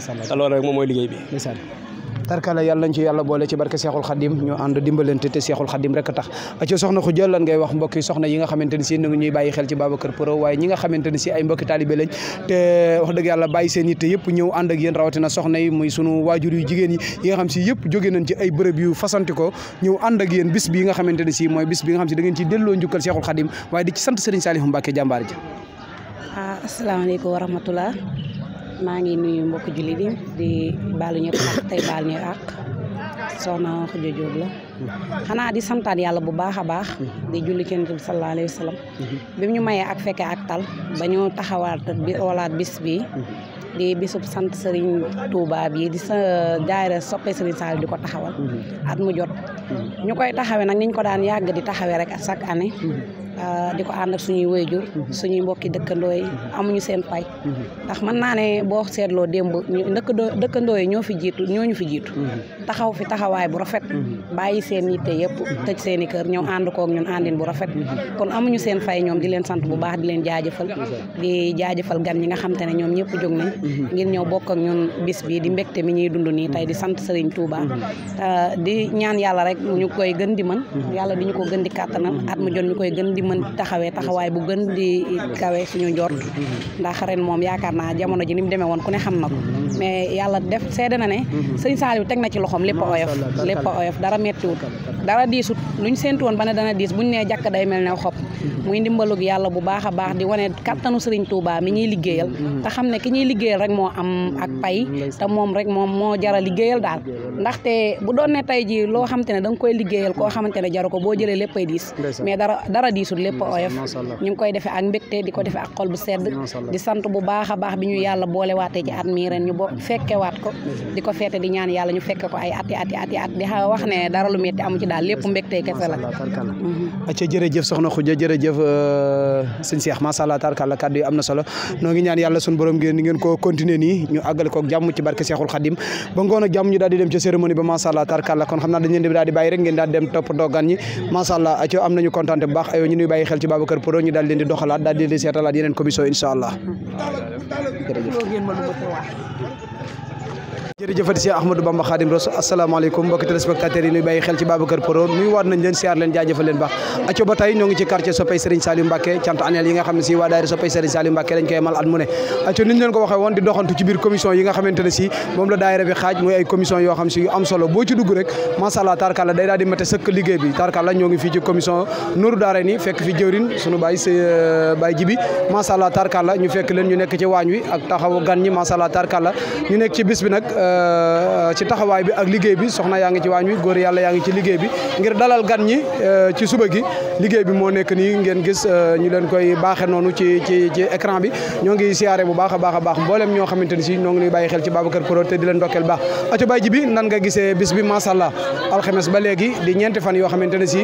te loolu rek moom mooy liggéey bi tarkala yàlla nañ ci yàlla boole ci barke Seexul Xadim ñu ànd dimbalante te Seexul Xadim rek tax ci soxna xu jël lan ngay wax mbokki soxna yi nga xamante ni si ñu ngi ñuy bàyyi xel ci Babacar Pro waaye ñi nga ay lañ wax dëgg seen ak rawatina soxna yi muy sunu wajuri yu jigéen yi yi nga xam si yëpp jóge nañ ci ay bërëb yu fasanti ko ñëw ànd ak yéen bis bi nga si bis bi nga xam si da ngeen ci delloo di ci sant Serigne salih Mbacké jàmbaar ji ah, asalaamaaleykum wa rahmatullah maa ngi nuyu mbokk yi di baalu ñëpp ak tey baal ñu ak soxna wax Diop la xanaa di santaat yàlla bu baax a baax di julli ci Yonent sallallahu alayhi Wasallam bi ñu mayee ak fekke ak tal ba ñu taxawaat bi olaat bis bi di bisub sant Serigne Touba bi di sa daayira soppe Serigne Sall di ko taxawal at mu jot ñu koy taxawee nag niñ ko daan yàgg di rek sak année Euh, di ko ak suñuy wayjur mhm. suñuy mbokki dëkkandoo senpai mhm. amuñu seen pay mhm. ndax mën bo ne boo seetloo démb dëkkandoo dëkkandoo fi jitu ñoñu fi jitu taxaw fi taxaway bu rafet bayyi seen yitte yépp tëj seen kër ñew and ko ak ñun bu rafet kon amuñu seen fay ñom di leen sant bu baax di leen jaajeufal di jaajeufal gan yi nga xamantene ñom ñepp jog nañ ngir ñew bokk ak ñun bis bi di mbekté mi ñuy dund ni tay di sant Serigne Touba euh, di ñaan yalla rek ñu koy gën di man yalla di ñu ko gën di katanal at mu jot ñu koy gën di mën taxawee taxawaay bu gën di kawee suñu njort ndax ren moom yaakaar naa jamono ji ni mu demee woon ku ne xam na ko mais yàlla def seede na ne sëñ Saliou teg na ci loxoom lépp a oyof lépp a oyof dara mettiwut dara diisut luñ séntu woon ba ne dana diis buñ ne jakk day mel ne xob muy ndimbalug yàlla bu baax a baax di wane kattanu Serigne Touba mi ñuy liggéeyal te xam ne ki ñuy liggéeyal rek moo am ak pay te moom rek moom moo jara liggéeyal daal ndaxte bu doon ne tey ji loo xamante ne da nga koy liggéeyal koo xamante ne jaru boo jëlee léppay nattu lépp mm, oyof ñu ngi koy defee ak mbégte di ko defee ak xol bu sedd di sant bu baax baax bi ñu yàlla boole waatee ci at ren ñu bo mm. fekkewaat ko di ko feete di ñaan yàlla ñu fekke ko ay ati ati ati at di wax ne dara lu metti amu ci daal lépp mbégte kese la acca mm-hmm. jërëjëf soxna Khoudia jërëjëf euh, sëñ Cheikh macha allah tarkalla kaddu solo ngi ñaan borom ngeen ngeen ko continuer ni, ñu àggale ko jàmm ci barke Cheikhul Khadim ba ngoon ak jàmm ñu daal di dem ca cérémonie ba macha allah tarkalla kon xam naa dañ leen di daal di bàyyi rek ngeen daal dem topp doogan ñi allah acca ayo ñu ñuy bàyyi xel ci Babacar Pro ñu daal leen di doxalaat daal di seetalaat commission incha jërëjëfati si Ahmadou Bamba Khadim Rasul Assalamualaikum mbokki téléspectateurs yi ñuy bayyi xel ci Babacar Pro nuy waat nañ leen siar leen jaajëfal leen baax accio ba tey ñoo ngi ci quartier sopay Serigne salim Mbacké cant anel yi nga xamni ci wa waa sopay Serigne salim Mbacké dañ koy mal at mu ne accio niñ leen ko waxe won di doxantu ci biir commission yi nga xamantene ci mom la daayira bi xaj muy ay commission yo xam ci yu am solo bo ci dugg rek maasàllaa tarkala day daal di mate sekk liggéey bi tarkala ñoo ngi fii ci commission Nourou ni fekk fi suñu sunu baay euh, baay jibi maasàllaa tarkala ñu fekk leen ñu nekk ci wañ wi ak taxawu gan ñi maasàllaa tarkala ñu nekk ci bis bi nag Euh, ci taxawaay bi ak liggéey bi soxna yaa ngi ngir dalal gan ñi euh, ci suba gi liggéey bi moo nekk nii ngeen gis euh, ñu leen koy baaxe noonu ci écran bi ñoo ngi siyaare bu baax a baax mboolem ñoo xamante ni ñoo ngi nuy bàyyi xel ci Babacar Pro te di leen ndokkeel baax aco bay ji bi nan nga bis bi masàllaa alxames ba léegi di ñeenti fan yoo xamante bis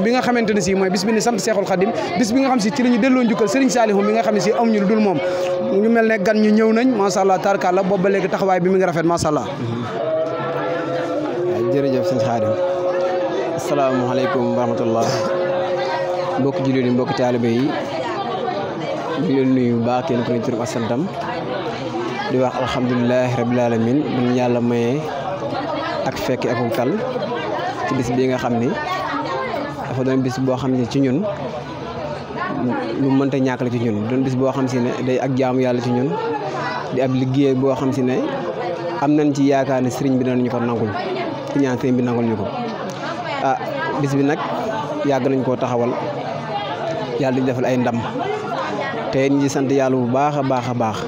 bi nga xamante ne mooy bis bi ni sant Seexul Xadim bis bi nga xam si ci la ñu delloo njukkal Serigne boobu ba léegi taxawaay bi mi ngi rafet macha allah. jërëjëf sëñ Xaadim asalaamaaleykum wa rahmatullah mbokki jullit yi mbokki taalibe yi di leen nuyu baax kenn ku ne turam ak santam di wax alhamdulilah rabil alamin bu ñu yàlla mayee ak fekk ak kal ci bis bii nga xam dafa doon bis boo xam ci ñun lu mënta ñàkk ci ñun doon bis boo xam day ak jaamu yàlla ci ñun di ab liggéey bo xam si ne am nañ ci yaakaane sëriñ bi ñu ko nangul ci ñaan sëriñ bi nangul ñu ko ah bis bi nak yàgg nañ ko taxawal yalla di defal ay ndam te ñi ngi sant yalla bu baaxa baaxa baax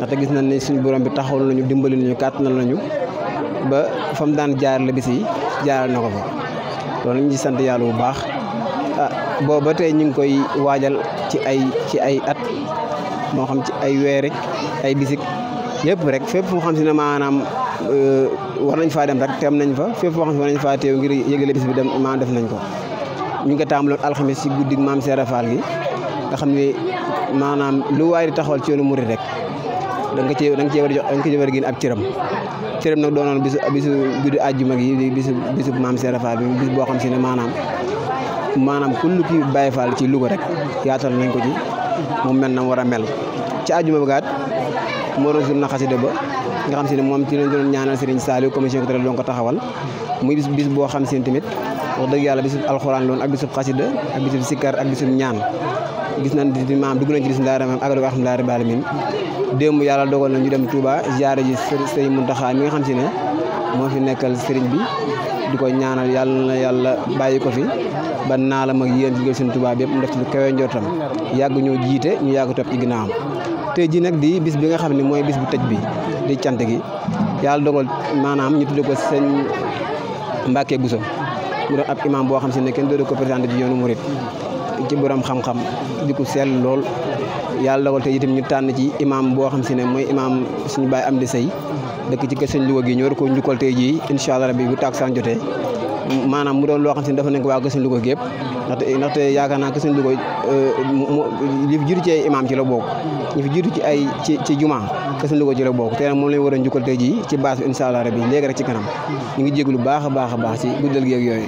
na ta gis nañ ne suñu borom bi taxawal nañu dimbali nañu kàttanal nañu ba fam daan jaar la bis yi jaaral na fa loolu ñi ngi sant yalla bu baax ah bo ba tay ñing koy wajal ci ay ci ay at mo xam ci ay wéré rek ay bisik yëpp rek fépp foo xam si ne maanaam euh, war nañ faa dem rek teem nañ fa fépp foo xam si war nañ faa teew bis bi dem maanaam def nañ ko ñu ko tàmbaloon alxames ci guddig maam Seera Faal gi nga xam ne lu waay di ci yoonu murid rek da nga cee da nga cee war a jox da nga cee war a génn ab cëram cëram nag doonoon bisu bisu guddi àjjuma gi bisu bisu maam bi bis boo xam si ne maanaam maanaam kullu kii Baay Faal ci Louga rek yaatal nañ ko ci mu mel na mu war a mel ci àjjuma bi moo doon journée xasida ba nga xam si ne moom ci lañ doon ñaanal Serigne Saliou commission culturelle doon ko taxawal muy bis boo xam si ne tamit wax dëgg yàlla bisub alxuraan loon ak bisub xasida ak bisub sikkar ak bisub ñaan gis nañ di maam dugg nañ ci bis daara maam ak alhamdulilah rabbil alamin démb yàlla dogal na ñu dem Touba ziyaare ji Serigne Mountakha mi nga xam si ne moo fi nekkal Serigne bi di ko ñaanal yàlla na yàlla bàyyi ko fi ba naa la mag yéen ci gël seen bi yëpp mu def ci lu kawe yàgg ñoo jiite ñu yàgg topp ci ginnaawam tey ji nag di bis bi nga xam ne mooy bis bu tej bi di cant gi yàlla dogal maanaam ñu tudde ko seen sëñ Mbacke Bousso mu doon ab imam boo xam si ne kenn doon ko présenté ci yoonu murit ci borom xam di ko sell lool yàlla dogal itam ñu tànn ci imam boo xam si ne mooy imam suñu baay am di sëy dëkk ci kër sëñ Louga gi ñu koo njukkal tey jii incha allah rabbi bu taak saan jotee maanaam mu doon loo xam si ne dafa nekk waa kër sëñ Louga gi ndaxte ndaxte naa que sëñ bi koy li ci ay imaam ci la te nag moom lañ war a njukkal tey ci base bi incha rek ci kanam ñu ngi jéglu baax ci guddal gi yooyu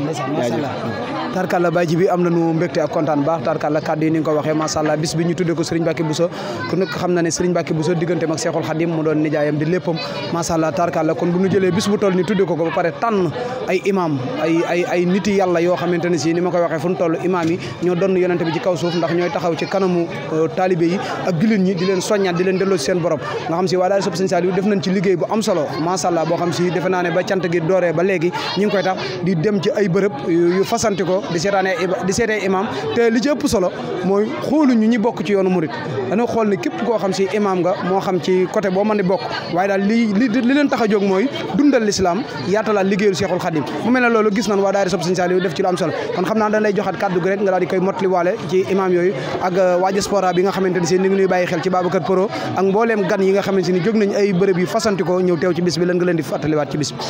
tarkalla bay ji bi am nañu mbégte ak kontaan baax tarkalla kàddu yi ni nga ko waxee bis bi ñu tuddee ko Serigne Mbacké Bousso ku nekk xam na ne Serigne Mbacké Bousso digganteem ak Cheikhul Khadim mu doon nijaayam di léppam macha allah tarkalla kon bu ñu jëlee bis bu toll ni tuddee ko ba pare tànn walu imam yi ño don yonent bi ci kaw suuf ndax ñooy taxaw ci kanamu euh, talibé yi ak jullit ñi di leen soñat di leen delo si seen borom nga xam ci wala sopp sëñ def nañ ci liggéey bu am solo Allah bo xam si def naane ba cyant gi dooree ba ñing koy tax di dem ci ay bërepp yu fasanti ko di sétane di sété imam te li ci ëpp solo mooy ñu ñi bok ci yoonu murit dañoo xool ni képp ko xam si imam nga mo xam ci côté bo mën di bokk waaye li li leen tax a jóg dundal lislaam yaatalaat liggéeyu cheikhul khadim mu melna lolu gis nañ wa daari sopp sëñ Saliou def ci lu am solo kon xamna dañ lay joxaat kaddu gi rek nga daal di koy mottali waale ci imam yooyu ak euh, waa diaspora bi nga xamante ni si ni ngi nuy bàyyi xel ci Babacar Pro ak gan yi nga xamante ni jóg nañ ay bërëb yu fasanti ko ñëw teew ci bis bi lan nga leen di fàttaliwaat ci bis bi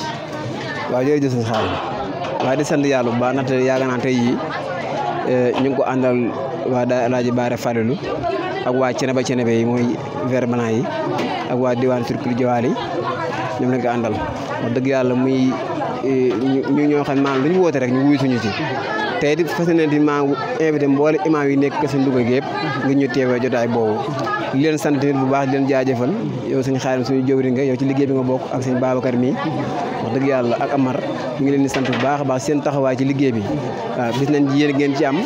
waaw jërëjëf sëñ Xaadim waaye di sant yàlla bu baax ndaxte yaakaar naa yi euh, ñu ngi ko àndal waa daa Alaaji Baare Falilu ak waa Ceneba Ceneba yi mooy vert yi ak waa diwaan Turkul Jawaal yi ñoom lañ ko àndal wax dëgg yàlla muy euh, ñu ñoo xam maanaam lu ñu woote rek ñu wuyu suñu ci te it fas yéene di maa invité mboole imaam yi nekk seen Louga gi yëpp ngir ñu teewee jotaay boobu di leen sant nit bu baax di leen jaajëfal yow sëñ xaarim suñu jëwri nga yow ci liggéey bi nga bokk ak sëñ Babacar mi yàlla ak Amar ñu ngi leen di sant bu baax baax seen taxawaay ci liggéey bi gis nañ yéen ngeen ci am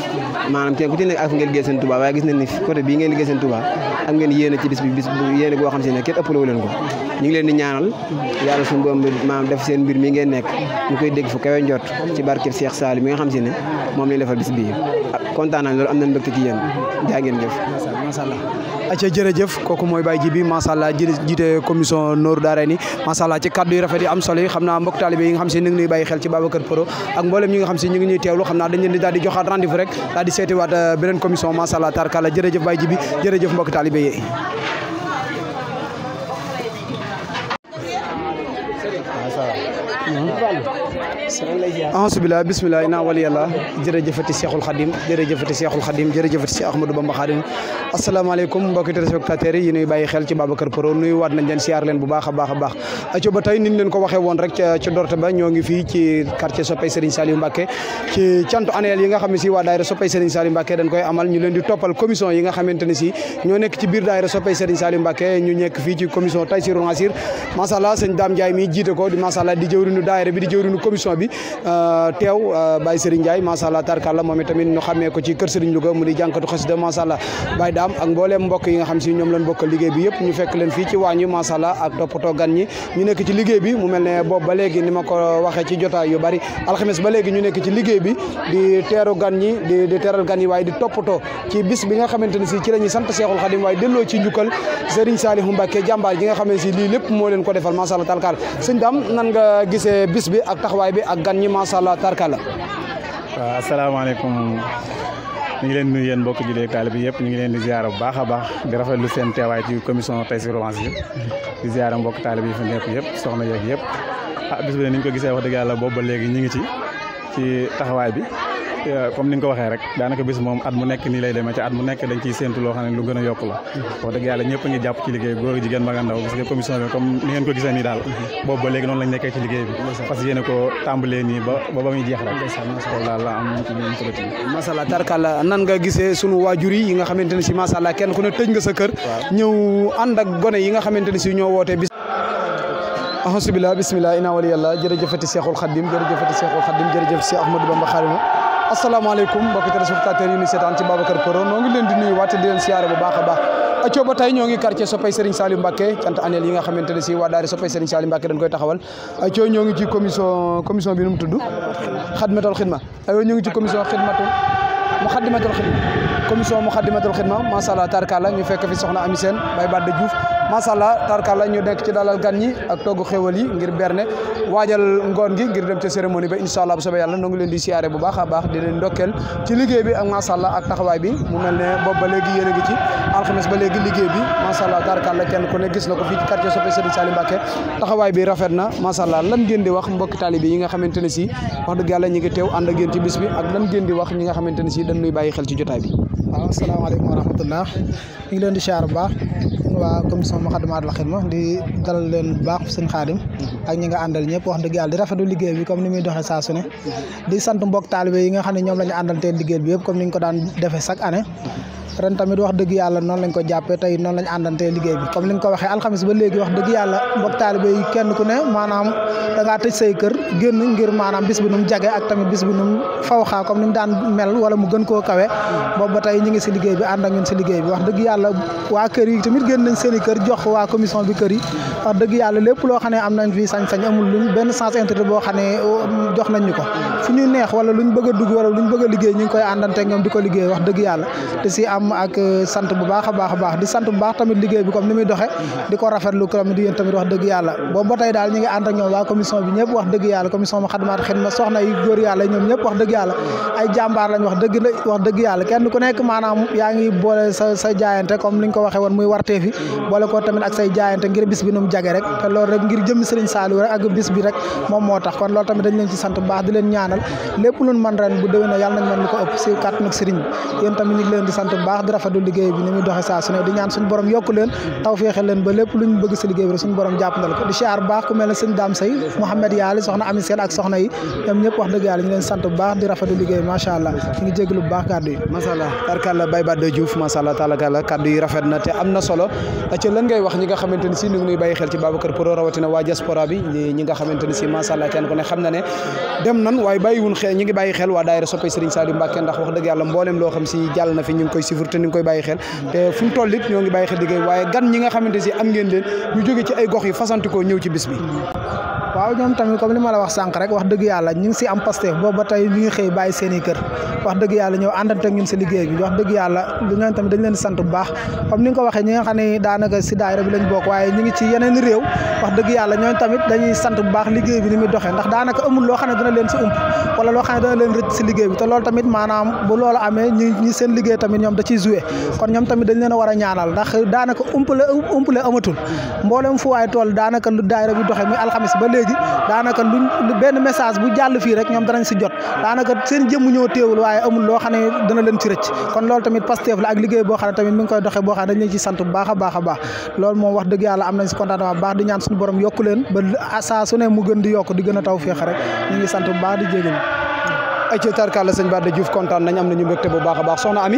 maanaam ku ci nekk ak ngeen liggéey seen Touba waaye gis nañ ni côté bii ngeen liggéey seen Touba ak ngeen yéene ci bis bi bis bu yéene boo xam ne kenn ëppalewu leen ko ñu ngi leen di ñaanal yàlla suñu borom maam def seen mbir mi ngeen nekk ñu koy dégg fu kawe njot ci barkeb Cheikh Saliou mi nga xam si ne moom lañ defal bis bii kontaan naa loolu am nañ mbégte ci yéen jaa ngeen jëf macha allah acca jërëjëf kooku mooy Baye Djibi macha allah jiite commission Nourou Darayni macha allah ci kaddu yu rafet yi am solo yi xam naa mbokk yi nga xam si ñu ngi ñuy xel ci Babacar Pro ak mboolem ñi nga xam si ñu ngi ñuy teewlu xam naa dañ leen di daal di joxaat rendez-vous rek daal di seetiwaat euh, beneen commission macha allah tarkala jërëjëf Baye Djibi jërëjëf mbokk taalibe 的。ahasubillah bisimilah inaa wali yàlla jërëjëfati Cheikhul Khadim jërëjëfati Cheikhul Khadim jërëjëfati Cheikh Ahmadou Bamba Khadim asalaamaaleykum mbokki téléspectateurs yi ñuy bàyyi xel ci Babacar Pro nuyu waat nañ leen bu baax a baax a baax aco ba kau niñ leen ko waxee woon rek ci dorte ba ñoo ngi fii ci quartier soppay Serigne Saliou Mbacké ci cantu annuel yi nga xam ne si waa amal ñu leen di toppal commission yi nga xamante ne si ñoo nekk ci biir daayira soppay Serigne Saliou Mbacké ñu nekk fii ci commission Taysiroul Nasir masàllah mi jiite ko di masàllah di jëwriñu daayira bi di jëwriñu bi euh, teew euh, Baye Serigne Ndiaye maasàllaa tarkalla moom itamit ñu xàmmee ko ci kër Serigne Louga mu di jànkatu xasida maasàllaa Baye Daam ak mbooleem mbokk nga xam si ñoom lañ bokk liggéey bi yëpp ñu fekk leen fii ci waañ yi maasàllaa ak toppatoo gan ñi ñu nekk ci liggéey bi di teeru gan ñi di teeral gan yi waaye di toppatoo ci bis bi nga xamante ne si ci la sant Seexul Xadim waaye delloo ci njukkal Serigne Saliou Mbacké jàmbaar ji nga xam si lii lépp moo leen ko ak gan tarkala. waaw asalaamaaleykum ñu ngi leen nuyu yéen mbokk jullit taalibe bi yëpp ñu ngi leen di ziara bu baax a baax di rafetlu seen teewaay ci commission Taysiroul Mansiyou di ziara mbokk taalibe yi fi nekk yëpp soxna yeeg ah bis ni ñu ko gisee wax dëgg yàlla boobu ba léegi ngi ci ci taxawaay bi. Iya, comme niñ ko waxé rek daanaka bis mom at mu nekk ni lay démé ci at mu nekk dañ ci sentu lo xamné lu gëna a la wax dëgg yalla ñëpp ngi japp ci liggéey góor jigen ma nga ndaw gis nga commission bi comme ni ngeen ko gisé ni dal bobu ba légui non lañ nekkee ci liggéey bi parce que yéen ko tambalé ni ba ba ba muy jeex rek loolu daal la am ñu ko ci masala tarkala nan nga gisé suñu wajuri yi nga xamante ne si masala kenn ku ne tëj nga sa kër ñew and ak goné yi nga xamante ne ñoo woté bis ahasubillah bismillah ina waliyallah khadim Seexul Xadim jërëjëfati Seexul Xadim jërëjëf si Ahmadou Bamba Xaadimu asalaamaaleykum mbokki téléspectateurs yi ni seetaan ci Babacar Pro noo ngi leen di nuyu waat di leen siyaare bu baax a baax acoo ba tey ñoo ngi quartier soppay Serigne Saliou Mbacke cant annuel yi nga xamante ne si waa daari soppay Serigne Saliou Mbacke dañ koy taxawal acoo ñoo ngi ci commission commission bi nu mu tudd xadmatul xidma ayoo ñoo ngi ci commission xidmatul mu xaddimatul xidma commission mu xaddimatul xidma fekk fi soxna Ami Sène Baye Badda Diouf Masalah tarkalla ñu nek ci dalal gan ñi ak togu xewal yi ngir berne wajal ngon gi ngir dem ca cérémonie ba inshallah bu soobee yalla no ngi leen di siaré bu baax baax di leen ndokkel ci liggéey bi ak masàllaa ak taxaway bi mu melne ne ba léegi yene gi ci alxames ba léegi liggéey bi masàllaa tarkalla kenn ku ne gis nako fi ci quartier soppe Serigne salim Mbacké taxaway bi rafetna na lan ngeen di wax mbokk talib yi nga xamanteni ci si wax dëgg yàlla ñi ngi tew and ak yéen ci bis bi ak lan ngeen di wax ñi nga xamanteni ci dañ nuy bayyi xel ci jotaay bi assalamu alaykum wa rahmatullah ngi leen di baax waa commission Moukhaddamatoul Khidma di dalal leen bu baax seen xaadim ak ñi nga àndal ñëpp wax dëgg yàlla di rafetlu liggéey bi comme ni muy doxee saa su ne di sant mbokk taalibe yi nga xam ne ñoom la ñu àndal teel liggéey bi yëpp comme ni ñu ko daan defee chaque année ren tamit wax deug yalla non lañ ko jappé tay non lañ andanté liggéey bi comme ni ko waxé alxamis ba légui wax deug yalla mbok talibé yi kenn ku né manam da nga tej say kër génn ngir manam bis bi num mu ak tamit bis bi num fawxa comme ni daan mel wala mu gën ko kawé boobu ba tay ñi ngi ci liggéey bi and ak ñun ci liggéey bi wax deug yalla wa kër yi tamit génn nañ seen kër jox wa commission bi kër yi wax deug yalla lepp lo xané am nañ fi sañ-sañ amul luñ ben sens intérêt bo xané jox nañ ñuko ko fu ñu neex wala luñ bëgg dugg wala luñ bëgg a liggéey ñu ngi koy andanté ñoom di ko liggéey wax dëgg yàlla jàmm ak euh, sante bu baakha baakha baax di sante bu baax tamit liggey bi comme ni muy doxee di rafetlu këram di yeen tamit wax deug yalla bo batay dal ñi ngi and ak ñoom wa commission bi ñepp wax deug yalla commission ma xadmaat xidma soxna yi goor yalla ñoom ñepp wax deug yalla ay jambar lañ wax dëgg wax deug yalla kenn ku nekk manam yaangi boole sa sa jaayante comme liñ ko waxé won muy warté fi boole ko tamit ak say jaayante ngir bis bi num mu jage rek té lool rek ngir jëm serigne Saliou rek ak bis bi rek mom moo tax kon lool tamit dañ leen ci sante bu baax di leen ñaanal lepp luñ man ren bu deewena yalla nañ man lu ko ëpp si kàttanu sëriñ bi yéen tamit ñi leen di sant baax di rafetlu liggéey bi ni muy doxe saa su ne di ñaan suñu borom yokku leen taw féexal leen ba lépp luñ bëgg si liggéey bi rek suñu borom jàppandal ko di siyaar baax ku mel na si ñu ngi nuy waa diaspora bi ne si ne ne dem nan waaye bàyyiwun xel ñi ngi bàyyi xel waa daayira soppay Serigne Saliou Mbacké ndax wax dëgg yàlla mboolem loo xam si jàll na fi ñu ngi koy suivre te ni nga koy bàyyi xel té fu mu toll ñoo ngi bàyyi xel digay waye gan ñi nga xamanté ci am ngeen leen ñu joggé ci ay gox yi fasantikoo ñew ci bis bi waaw ñom tamit comme li mala wax sank rek wax deug yalla ñing ci am pasteef bo ba tay ñi xey xëy seen kër wax deug yalla ñëw andant ak ñun ci liggéey bi wax deug yalla yàlla ñaan tamit dañ leen sant bu baax comme ni nga ko ñi nga xam da naka ci daayira bi lañ bok waye ñi ngi ci yeneen réew wax deug yalla ñoo tamit dañuy sant bu baax liggéey bi ni mi doxé ndax da naka amul lo xam ne dina leen ci ump wala lo xam ne dina leen rëcc ci liggéey bi te lool tamit manam bu lool amé ñi seen liggéey tamit ñom da ciy joué kon ñoom tamit dañ leen war a ñaanal ndax daanaka umpale umpale amatul mboolem fu waay tool daanaka lu daayira bi doxee muy alxamis ba léegi daanaka lu benn message bu jàll fii rek ñoom danañ si jot daanaka seen jëmm ñoo téewul waaye amul loo xam ne dana leen ci rëcc kon loolu tamit Pastef la ak liggéey boo xam ne tamit mi koy doxee boo xam ne dañ leen a baax di ñaan suñu borom yokku leen ba ah, saa ne mu gën di yokk di gën a taw féex rek ñu ngi sant bu kontaan nañ am nañu mbégte bu baax a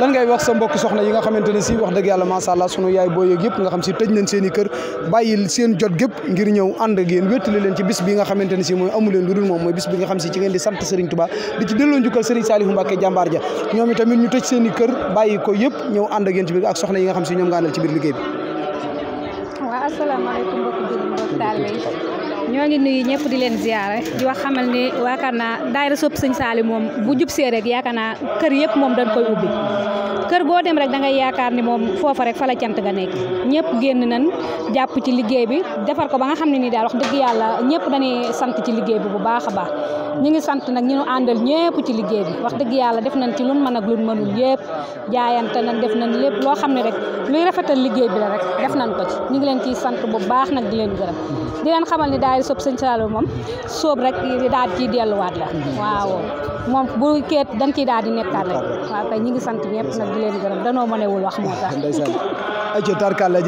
lan ngay wax sa mbokki soxna yi nga xamante ne si wax dëgg yàlla macha allah sunu yaay booy yeeg yëpp nga xam si tëj nañ seen i kër bàyyil seen jot gépp ngir ñëw ànd ak yéen ci bis bi nga xamante ne si mooy amu lu dul moom mooy bis bi nga xam si ci ngeen di sant Serigne Touba di ci delloo njukkal Serigne Saliou Mbacké jàmbaar ja ñoom itamit ñu tëj seen i kër bàyyi ko yëpp ñëw ànd ak ci biir ak soxna yi nga xam si ñoom nga àndal ci biir liggéey ñoo ngi nuyu ñepp di len ziare di wax xamal ni yaakaar naa daayira sopp seigne salim mom bu jup see rek yaakaar naa kër yépp mom dañ koy ubbi kër bo dem rek da nga yaakar ni mom fofu rek fa la cyant ga nek ñepp genn nan japp ci liggéey bi defar ko ba nga xamni ni daal wax dëgg yalla ñepp dañi sant ci liggéey bi bu baaxa a baax ñu ngi sant nag ñu andal ñepp ci liggéey bi wax dëgg yalla def nañ ci luñu mëna ak lun mënul yépp jaayante nañ def nañ lepp lo xamni rek luy rafetal liggéey bi la rek def nañ ko ci ñi ngi len ci sant bu baax nak di len gërëm di len xamal ni daal daayira sopp moom soob rek daal ciy delluwaat la waaw moom bu keet dañ ciy daal di nekkaat rek waaw kay ñi ngi sant ñëpp nag di leen gërëm danoo wax moo tax aco tarkalla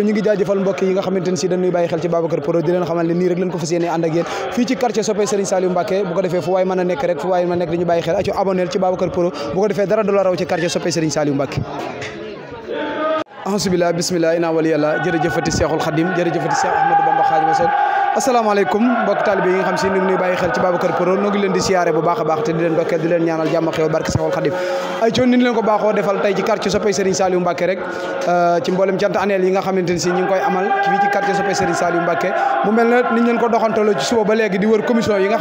ngi jaajëfal mbokk yi nga xamante si dañuy bàyyi xel ci Babacar Pro di leen xamal nii rek lañ ko fas yéene ànd ak yéen fii ci quartier soppee Serigne Saliou Mbacké bu ko defee fu waay mën a nekk rek fu waay mën a nekk dañu bàyyi xel aco aboneel ci Babacar Pro bu ko defee dara ahasubillah bisimillah inaa waliyàlla jërëjëfati seexul xadim jërëjëfati seex ahmadou bamba xaadimu rasuul asalaamaaleykum mbokk taalibe yi nga xam si ni ngi nuy xel ci Babacar Pro noo ngi leen di siyaare bu baax a baax te di leen dokkeel di leen ñaanal jàmm xew barke Seexul Xadim ay ko baaxoo defal tey ci quartier soppay Serigne Saliou Mbacké euh, na niñ leen ko doxantaloo ci suba ba léegi di commission yi ñu leen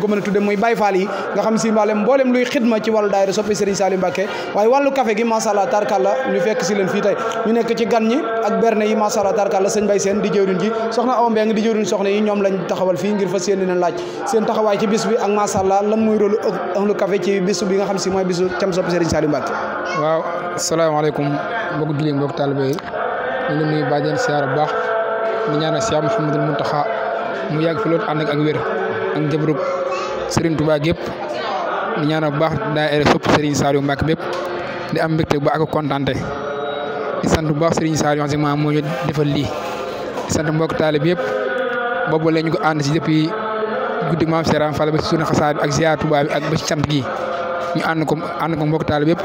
ko mën a muy Baye Fall yi nga xam si mboolem mboolem luy xidma ci wàllu daayira soppay Serigne Saliou Mbacké waaye wàllu café gi masala allah tarkalla ñu fekk ci leen fi tay ñu nekk ci gan ñi ak berne yi macha allah tarkalla bay sen di jëwriñ ji soxna awa mbeng di jëwriñ soxna yi ñom lañ taxawal fi ngir fa seen leen laaj seen taxaway ci bis bi ak macha allah lan mooy rôle lu café ci bis bi nga xam ci moy bisu cham sopp serigne salim bak waaw asalaamaaleykum mbokk julli mbokk taalibe talibé ñu ngi nuyu bàjjen siyaar bu baax ñu ñaanal siyaar muhammad muntaha mu yag fi lot and ak wër ak jëbru Serigne Touba gep ñu ñaanal bu baax sopp Serigne salim bak bépp di am mbégte bu ak contenté di sant bu baax Serigne Saliou Sy maam moo ñu defal li di sant mbokk talib yépp bobu la ko and ci depuis guddi maam Seram Fall ba ci sunu xasaar ak ziar Touba bi ak ba ci cant gi ñu and ko and ko mbokk talib yépp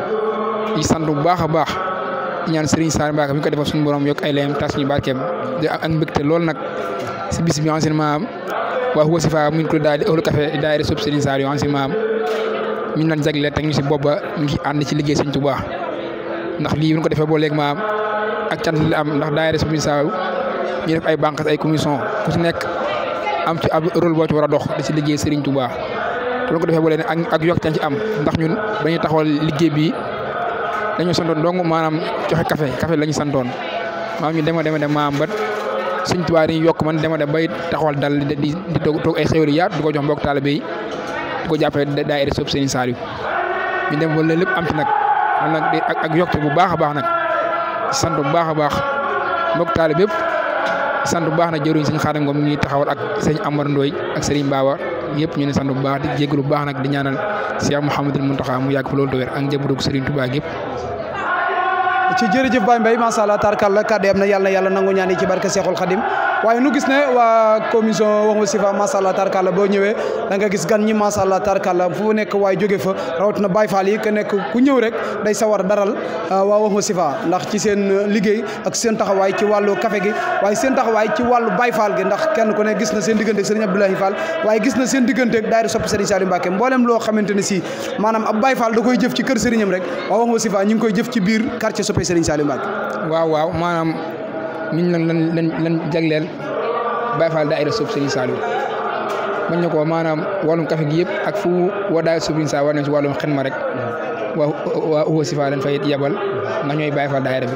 di sant bu baax baax ñaan Serigne Saliou Mbacké bi ko defal suñu borom yok ay layam tass ñu barkem di am ak mbégte loolu nag si bis bi enseignement am waa Huwa Sifa min ngi ko daal di ëllëg café daayira sopp Serigne Saliou enseignement am mi ngi leen jagleel ñu si booba ngi ànd ci liggéey sëñ Tuubaa ndax lii bu ñu ko defee boo léegi maam ak cant li am ndax daayira Sëriñ Saaw ñu def ay banques ay commission ku ci nekk am ci ab rôle boo ci war a dox di ci liggéey Sëriñ Tuubaa te ñu ko defee boo léegi ak ak yokkute ci am ndax ñun dañuy taxawal liggéey bi dañu santoon dong maanaam joxe café café lañu ñu santoon maam ñu dema dema dem am ba Sëriñ Tuubaa dañuy yokk man dema dem bay taxawal dal di di toog ay xewri yaat du ko jox mbokk taalibe yi képp ko jàppale daayira sëb Serigne Saliou ñu dem wala lépp am fi nag am nag ak yokk bu baax a baax nag sant bu baax a baax mbokk taalibe bépp sant bu baax nag jëruñ sëñ Xaadim Ngom ñuy taxawal ak sëñ Amar Ndoy ak Serigne Baba yëpp ñu ne sant bu baax di jégalu baax nag di ñaanal Cheikh Mouhamadul Mountakha mu yàgg fa loolu tawér ak njabootu Serigne Touba gépp ci jërëjëf Baye Mbaye macha allah tarkal la kàddu am na yàlla na yàlla nangu ñaan yi ci barke Seexul Xadim waaye nu gis ne waa commission waxuma si fa macha allah tarkalla boo ñëwee da nga gis gan ñi macha allah tarkalla fu nekk waaye jóge fa rawatina Baye Fall yi que nekk ku ñëw rek day sawar daral ah, waa waxuma si ndax ci seen liggéey ak seen taxawaay ci wàllu café gi waaye seen taxawaay ci wàllu Baye Fall gi ndax kenn ku ne gis na seen diggante seen Serigne Abdoulaye Fall waaye gis na seen diggante ak daayira sopp Serigne Saliou mboolem loo xamante ne si maanaam ab Baye Fall koy jëf ci kër Serigne am rek waa ñu ngi koy jëf ci biir quartier soppe Serigne Saliou Mbacké ñun nag lan lan lan jagleel Baye Fall daayira suuf Serigne Saliou bañ koo maanaam wàllum kafe gi yëpp ak fu wa daay suuf Serigne war nañ si wàllum xen ma rek waa waa Uwa Sifa lañ fay yabal ndax ñooy Baye Fall daayira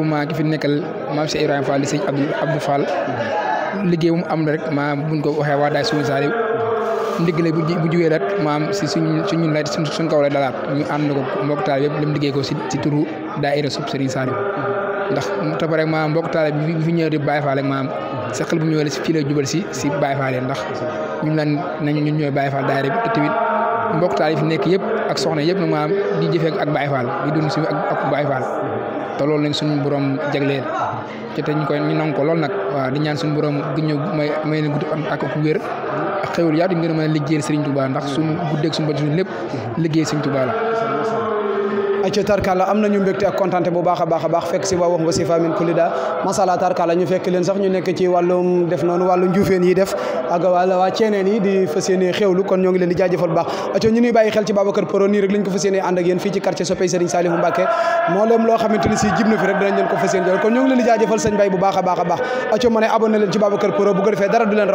bi maa ki fi nekkal maam si Ibrahima Fall di sëñ Abdou mu am rek maa buñ ko waxee waa daay suuf Serigne Saliou ndigal bu bu jugee rat maam si suñ suñu lay suñ kaw lay dalaat ñu ànd ko mbokk taal yëpp dem liggéey ko si si turu daayira suuf Serigne Saliou ndax te topp rek mbokk taale bi fi ñëw di Baye Fall ak sa xel bu ñëwee la si jubal si si Baye Fall yi ndax ñun lan nañu ñun ñooy Baye Fall daayira bi te tamit mbokk taale yi fi nekk yëpp ak soxna yëpp nag maam di jëfee ak Baye Fall di dund si ak ak Baye te loolu lañ suñu borom jagleel te ñu koy ñu nangu ko lool nag waaw di ñaan suñu borom gi ñëw may may na gudd am ak ak wér ak xéwal yaatu ngeen mën a liggéeyal Serigne Touba ndax suñu guddeeg suñu bët suñu lépp liggéey Serigne Touba la ci tarkala am nañu mbégte ak kontante bu baax a baax fekk si waa wax ba si famin kulida masala tarkala ñu fekk leen sax ñu nekk ci wàllum def noonu wàllu njuufeen yi def ak wàlla waa ceeneen yi di fas yéene xewlu kon ñoo ngi leen di jaajëfal baax aco ñu ñuy bàyyi xel ci Babacar Pro nii rek lañ ko fas yéene ànd ak fii ci quartier soppey Serigne Saliou Mbacké moo leem loo xamante ni si jib na fi rek dinañ leen ne ko defee dara du leen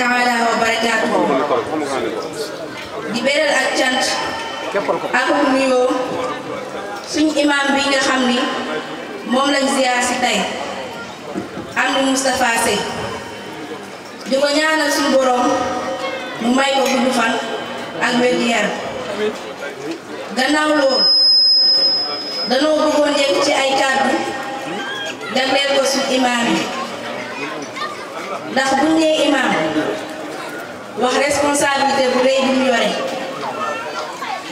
taala wa barakaatuhu di beral ak cant ak nuyoo suñu imam bi nga xam ni moom lañ ziar si tey Amdy Moustapha Sy di ko ñaanal suñu borom mu may ko gudd fan ak wér gu gannaaw loolu danoo bëggoon yegg ci ay kàddu jagleel ko suñu imam yi ndax buñ nee wax responsabilité bu rëy bi mu yore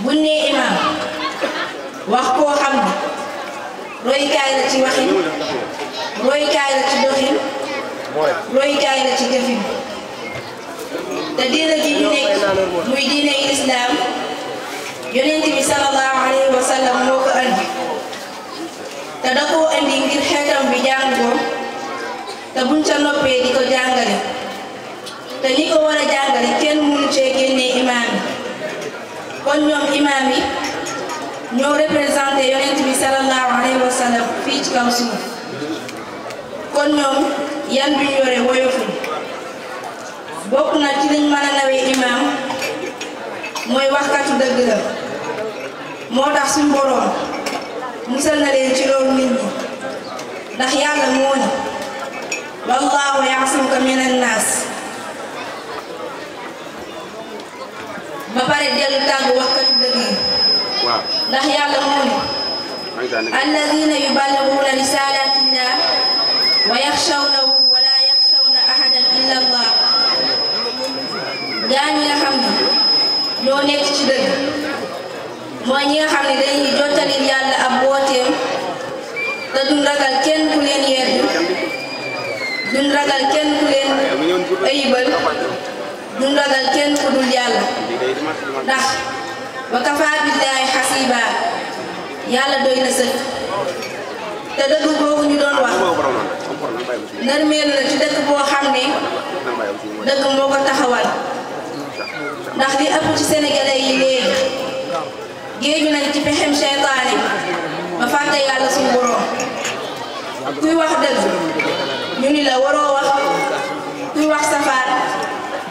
buñ ne imam wax koo xam ne roykaay la ci waxin roykaay la ci doxin roykaay la ci jëfin te diina ji ñu nekk muy diine islam yonent bi sallallahu alayhi wa sallam moo ko andi te da koo ngir xeetam bi jàngoo te buñ ca noppee di ko jàngale te ñi ko war a jàngale kenn mënu cee génnee imaam yi kon ñoom imaam yi ñoo représenté yonent bi sallallahu alayhi wa fii ci kaw kon ñoom yan bi ñu yore woyofuñ bokk na ci liñ mën a nawee imaam mooy waxkatu dëgg la moo tax suñu boroom musal ci loolu nit ñi ndax yàlla moo ni wallahu yaasimuka minan naas ba pare dellu tàggu waxkatu dëgg yi waaw ndax yàlla moo ne alladina yuballiguna risalatillah wa yaxshawnahu wala yaxshawna ahadan illa allah gaa ñi nga xam ne ñoo nekk ci dëgg mooy ñi nga xam ne dañuy jottalil yàlla ab wooteem te duñ ragal kenn ku leen yedd duñ ragal kenn ku leen ayibal duñ ragal kenn ku dul yàlla ndax wa kafaa billaahi xasiiba yàlla doy na sëkk te dëgg boobu doon wax nërmeel na ci dëkk boo xam ne dëgg moo ko taxawal ndax li ëpp ci sénégalais yi léegi géeju nañ ci pexem seytaane ba fàtte yàlla suñu borom kuy wax dëgg ñu ni la waroo wax kuy wax safaan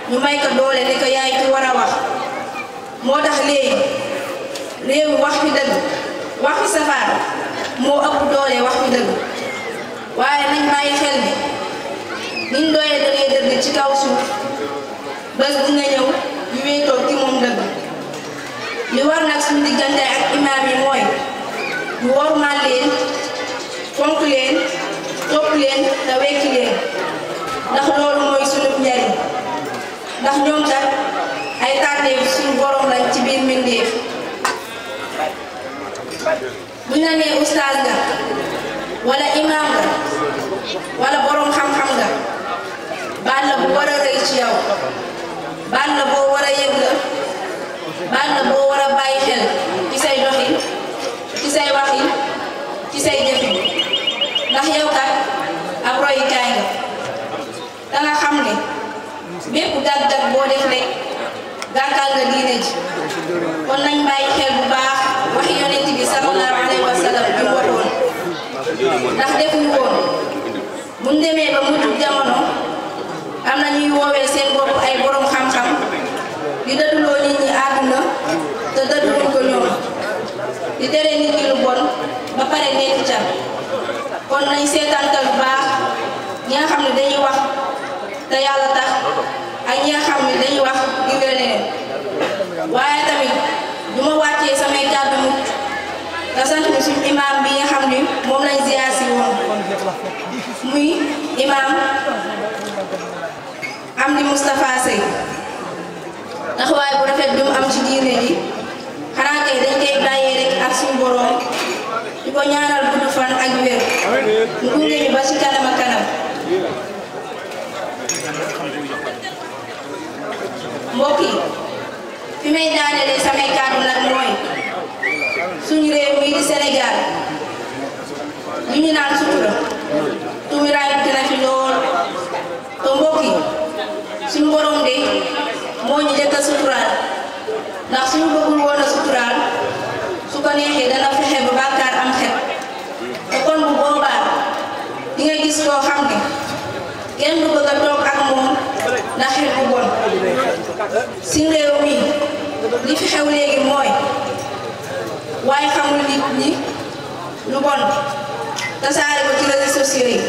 ñu may ko doole ni ko yaay ci war a wax moo tax léegi léegi wax fi dëgg wax fi safaan moo ëpp doole wax fi dëgg waaye nañ bàyyi xel bi niñ doyee dalee dëgg ci kaw suuf bés dina ñëw ñu wéetoog ci moom dëgg li war nag suñu diggante ak imaam yi mooy ñu wormaal leen fonk leen topp leen te wekki leen ndax loolu mooy sunu njariñ ndax ñoom kat ay tànneef suñu borom lañ ci biir mbindeef bu ñu la nee ustaas imaam nga wala borom xam-xam nga baal la bu war a rëy ci yow baal la boo war a yëg la baal boo war a bàyyi xel ci say doxin ci say waxin ci say jëfin ndax yow kat ab royukaay nga da nga xam ne. bépp dagg-dagg boo def rek gàkkal nga diine ji kon nañ bàyyi xel bu baax waxi yonent bi sallallahu alayhi wa sallam bi waxoon ndax def ñu woon bu demee ba mujj jamono am na ñuy woowee seen bopp ay borom xam-xam di daduloo nit ñi àdduna te daduloo ko ñoom di tere nit ñi lu bon ba pare nekk ca kon nañ seetantal bu baax ñi nga xam ne dañuy wax te yàlla tax. ñi nga xam wax di leen waaye tamit du wàccee samay kàddu mu sant bi suñu imaam bi nga xam moom lañ ziar si muy imaam Amdi Moustapha Sey taxawaay bu rafet bi mu am ci xanaa kay dañ koy bàyyee rek ak suñu borom di ko ñaanal gudd fan ak wér mu gunge ñu ba ci kanam ak kanam. mbokk yi fi may daanelee samay kàddu nag mooy suñu réew mii di Sénégal ñu ñu naan sutura tumuraayu dina fi lool te yi suñu borom de moo ñu jëkk a suturaal ndax suñu bëggul woon a suturaal su ko neexee dana fexe ba bàkkaar am xet te kon bu boobaa di nga gis koo xam ne kenn du bëgg a toog ak moom ndax xet bu bon suñ réew mi li fi xew léegi mooy waaye xamul nit ñi lu bon tasaare ko ci réseaux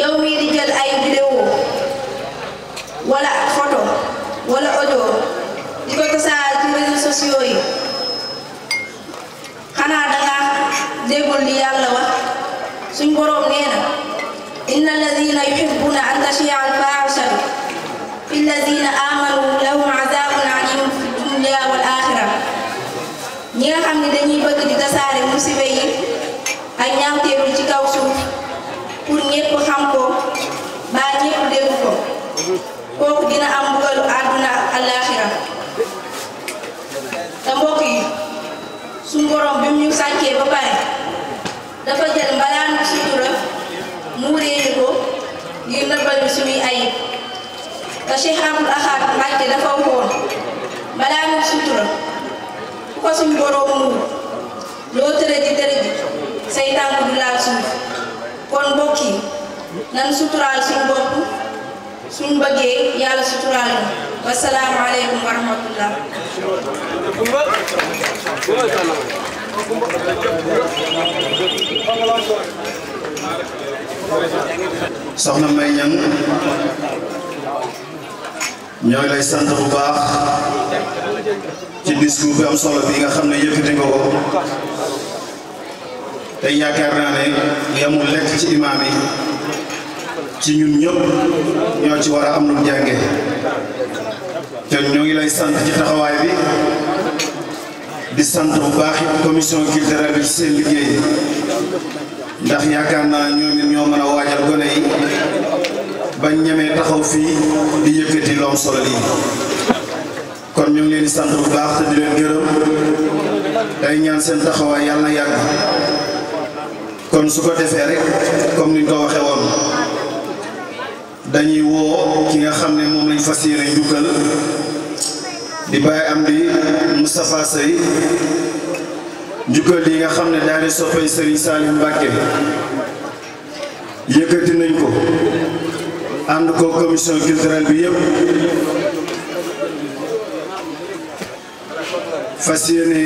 yow mii di ay vidéo wala photo wala audio di ko tasaare ci réseaux xanaa danga déggul li yàlla wax suñ boroom nee na inna alladina yuhibbuna an tashia al faahishatu lillazina amanu lahum azabun alimun fi dunya wal axira ñi nga xam ne dañuy bëgg di tasaare musiba yi ak ñaawteef yi ci kaw suuf pour ñépp xam ko ba ñépp dégg ko kooku dina am mbugalu àdduna ak alaxira te mbokk yi suñu bi mu sànkee ba pare dafa jël mbalaanu sutura muuree ñu ko ngir nëbbal bi suñuy ayib te Cheikh Abdoul Ahad Mbacké dafa woon balaa mu sutura ku ko suñ borom loo tëre ji tëre ji say kon mbokk nan suturaal suñ bopp suñ bëggee yàlla suturaal ñu wasalaamu aleykum wa rahmatullah soxna May Ñang ñoo lay sant bu baax ci discours bi am solo bi nga xam ne yëkkati nga ko te yaakaar naa ne yamul lekk ci imaam yi ci ñun ñëpp ñoo ci war a am lu jànge te ñoo ngi lay sant ci taxawaay bi di sant bu baax it commission culturelle bi ci seen liggéey ndax yaakaar naa ñoom it ñoo mën a waajal gone yi bañ ñemee taxaw fii di yëkkati lu am solo lii kon ñu ngi leen di sant bu baax te di leen gërëm day ñaan seen taxawaay yàlla yàgg kon su ko defee rek comme niñ ko waxee woon dañuy woo ki nga xam ne moom lañ fas yéene njukkal di bàyyi am di Moustapha Seye njukkal yi nga xam ne daal di soppay Serigne Salim Mbacke yëkkati nañ ko ànd ko commission culturelle bi yëpp fas yéene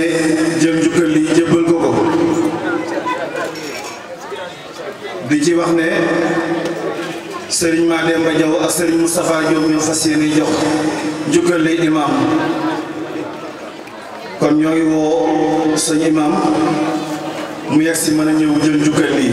jël njukkal li ko ko di ci wax ne sëriñ Mademba Diaw ak sëriñ Moustapha Diop ñoo fas yéene jox njukkal li imam kon ñoo woo sëñ imam mu yegg si mën a ñëw jël njukkal lii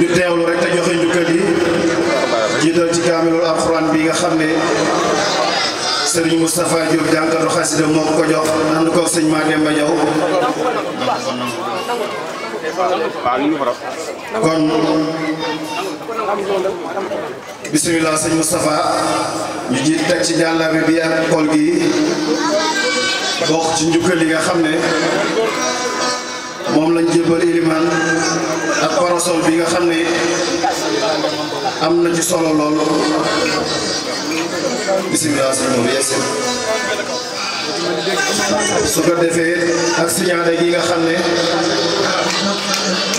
ñu teewlu rek te joxe njukkal yi jiital ci kaamilul bi nga xam ne sëriñ Moustapha Diop jànkatu xasida moom ko jox ànd koog sëñ kon bisimilah sëñ Moustapha jiit teg ci jàllabe bi ak kool gi bokk ci njukkal yi nga xam ne moom lañ jébbal ilimaan ak parasol bi nga xam ne am na ci solo lool bisimilah sëñ moom yeesi su ko defee ak siñaade gi nga xam ne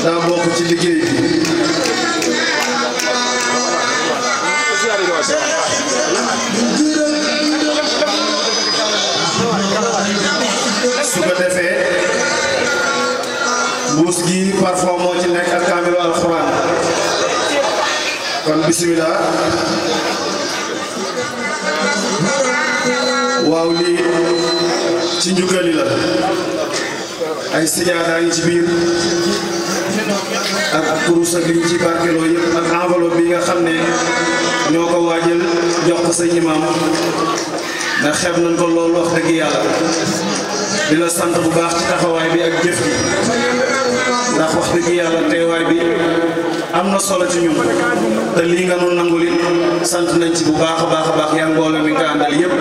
daa bokk ci liggéey bi su ko mbuus gi parfum moo ci nek ak kamil alquran kon bismillah waw li ci njukkali la ay sijaada ngi ci bir ak kurus ak liñ ci barkeloo yepp ak enveloppe bi nga xamne ñoko wajjal jox ko sa imam ndax xeb nañ ko loolu wax deug yalla dila sante bu baax ci taxaway bi ak jëf ndax wax dëgg yalla teewaay bi amna solo ci ñun te li nga non nangul it sant nañ ci bu baax a baax a baax yaa mbooloo mi nga àndal yëpp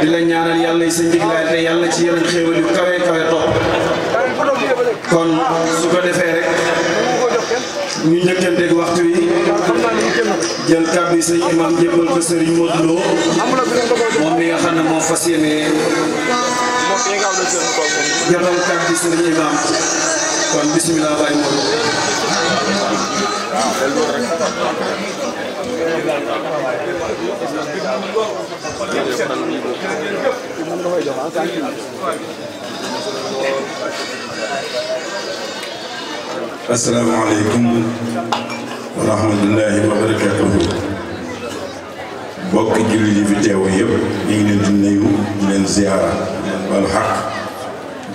di la ñaanal yalla seen diglay te yalla ci yeneen xewal yu kawé kawé top kon su ko defé rek ñu ñëkënte ak waxtu yi jël kaddu seen imam jëbël ko sëriñ Modou mo moom mi nga xam ne moo fas yéene jotal kàddu yi imam كون بسم الله باي السلام عليكم ورحمة الله وبركاته بوك جولي في تيوي يب ني نيو زياره والحق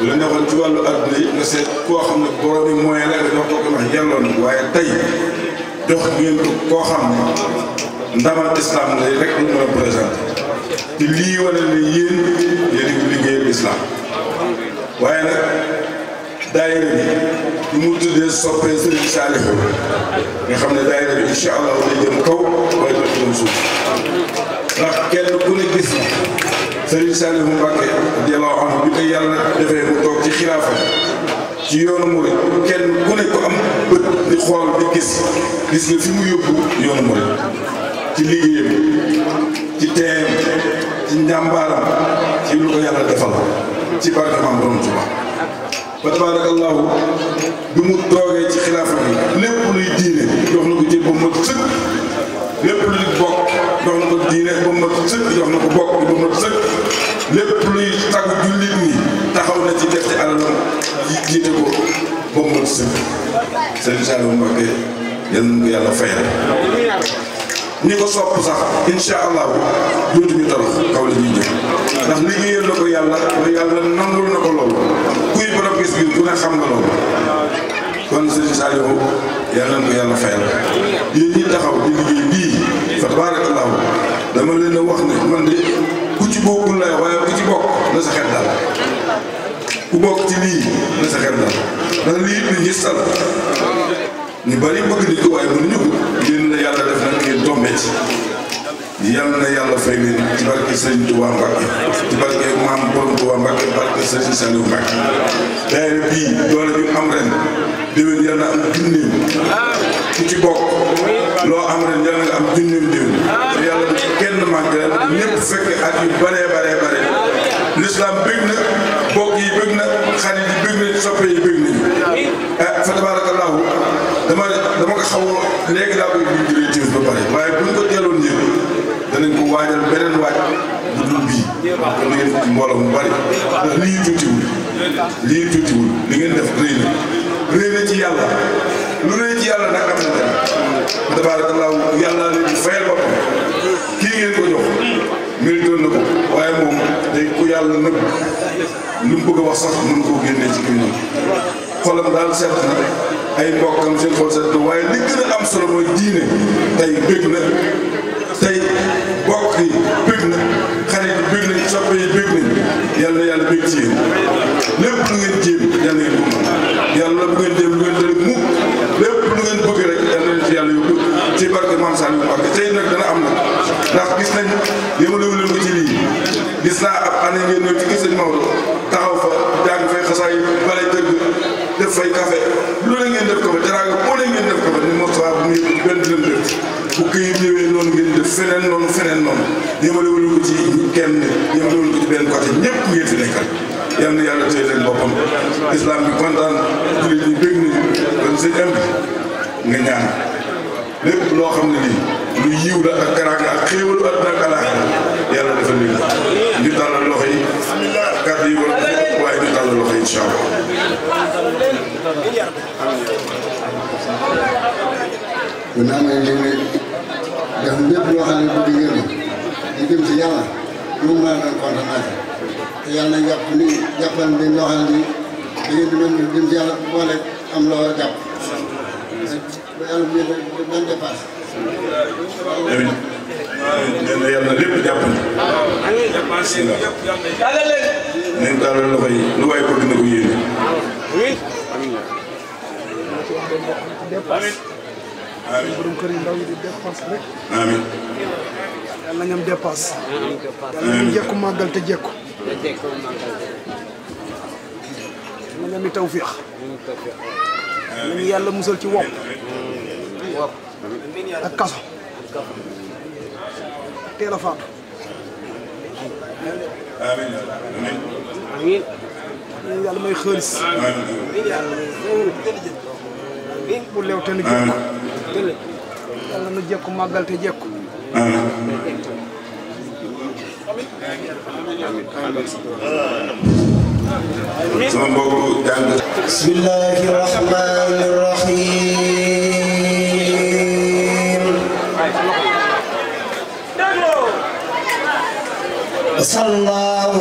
bu la neexoon ci wàllu adduna yi nga seet koo xam ne borom yi moyen la nga jox ko ko ndax yelloon waaye tey jox ngeen ko koo xam ne ndamal islam lay rek ñu mën a présenté te lii wane ne yéen yéen ngi liggéeyal islam waaye nag daayira bi mu tuddee soppee sëriñ Saalihu nga xam ne daayira bi incha allah day jëm kaw waaye dootu jëm suuf ndax kenn ku ne gis na Serigne Saliou Mbacké radiyallahu anhu bi tey yàlla defee mu toog ci xilaafa ci yoonu murid kenn ku ne ko am bët xool di gis gis nga fi mu yóbbu yoonu murid ci liggéeyam ci teem ci njàmbaaram ci lu ko yàlla defal ci barke maam Borom Tuuba ba tabarakallahu bi mu toogee ci xilaafa bi lépp luy diine jox ko jël ba mu lépp luy bokk jox na ko diine ba mu mat sëkk jox na ko boppam ba mu mat sëkk lépp luy tàggu jullit ñi taxaw na ci def ci alalam jiite ko ba mu mat sëkk sëriñ Saliou Mbacké yal na ko yàlla fayal ñi ko sopp sax incha allahu dootuñu torox kaw la ñuy jëm ndax liggéeyal na ko yàlla ba yàlla nangul na ko loolu kuy borom gis bi ku ne xam na loolu kon sëriñ Saliou yàlla na ko yàlla fayal yéen ñi taxaw di liggéey bii fa tabaarakallaahu dama leen a wax ne man de ku ci bokkul lay waaye ku ci bokk na sa xel daal ku bokk ci lii na sa xel daal ndax lii it ñu sal ñu bari bëgg nit ko waaye mënuñu ko yéen la yàlla def nag ngeen tombé ci. yal na yàlla fay leen ci barke sëñ Tuubaa Mbàkke ci barke maam borom Tuubaa Mbàkke barke sëñ Saliou Mbàkke daayira bii doole bi am ren déwén yal na am junneem ku ci bokk loo am ren yal na nga am junneem déwén te yàlla bu ci kenn manqué ñëpp fekke at yu bare bare bare l'islam bëgg na bokk yi bëgg na xarit yi bëgg na soppe yi bëgg nañu fa tabarakallahu dama dama ko xaw léegi laa koy bind ba pare waaye buñ ko teeloon yéen danañ ko waajal beneen waaj bu dul bii kon ngeen ci mu bari lii tuutiwul lii tuutiwul li ngeen def rëy na rëy na ci yàlla lu rëy ci yàlla nag am na tamit tabaarakallaahu yàlla leen di fayal boppam kii ngeen ko jox méritoon na ko waaye moom day ku yàlla nëbb lu mu bëgg a wax sax mën koo génnee ci kii xolam daal seet na ay mbokkam seen xol seet na waaye li gën am solo diine tey bëgg na tey bokk yi bëgg na xarit yi bëgg nañ soppe bëgg nañ yàlla yàlla bëgg ci yéen lépp lu ngeen jéem yàlla ngeen yàlla bu ngeen jéem lu ngeen nag dana am ndax gis nañ li ma gis naa ab année ngeen ñëw ci gis nañ Maodo taxaw fa jàng fay xasaay bale dëgg def fay café ni Moustapha bu muy benn dërëm def bu këyit ñëwee noonu ngeen feneen noonu feneen noonu yëmale wuñu ko ci kenn yëmale wuñu ko ci benn côté ñëpp ngeen fi nekkal yal na yàlla téye leen boppam islam bi kontaan jullit ñi bëgg nañu kon sëñ am bi nga ñaan lépp loo xam ne nii lu yiw la ak karaag ak xéewalu àdduna ak alaaxira yàlla defal lii la ñu tàllal loxo yi kàddu yi wala waaye ñu tàllal loxo yi incha allah. def ñëpp loo xam ne bëgg yéen ñu jëm si yàlla lu mu mën a doon kontaan naa ci te yàlla nañ jàpp ni jàppal nañ loo xam ne da ngeen di mën di jëm si yàlla boole am loo jàpp ba yàlla bu ñëwee dañ dépassé. amiin nee na yàlla lépp jàpp na. bisimilah. nañ taalal loxo yi lu waay bëgg na ko yéen. amiin. amiin borom kër yu ndaw yi di dépense rek. amiin. yàlla nañ am dépense. yàlla nañ jekku màggal te jekku. te jekku màggal te. nañ am tawféex. nañ yàlla musal ci wopp. wopp ak kaso. teel a faatu. amiin amiin. yàlla may xaalis. amiin. pour lew te ni jëkk tële yàlla nu jekku màggal te jekku sama mbokk jàng bismillahi rahmani rahim sallallahu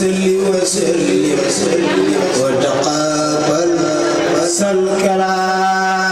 وسل وسل وسل وتقابل وسل كلام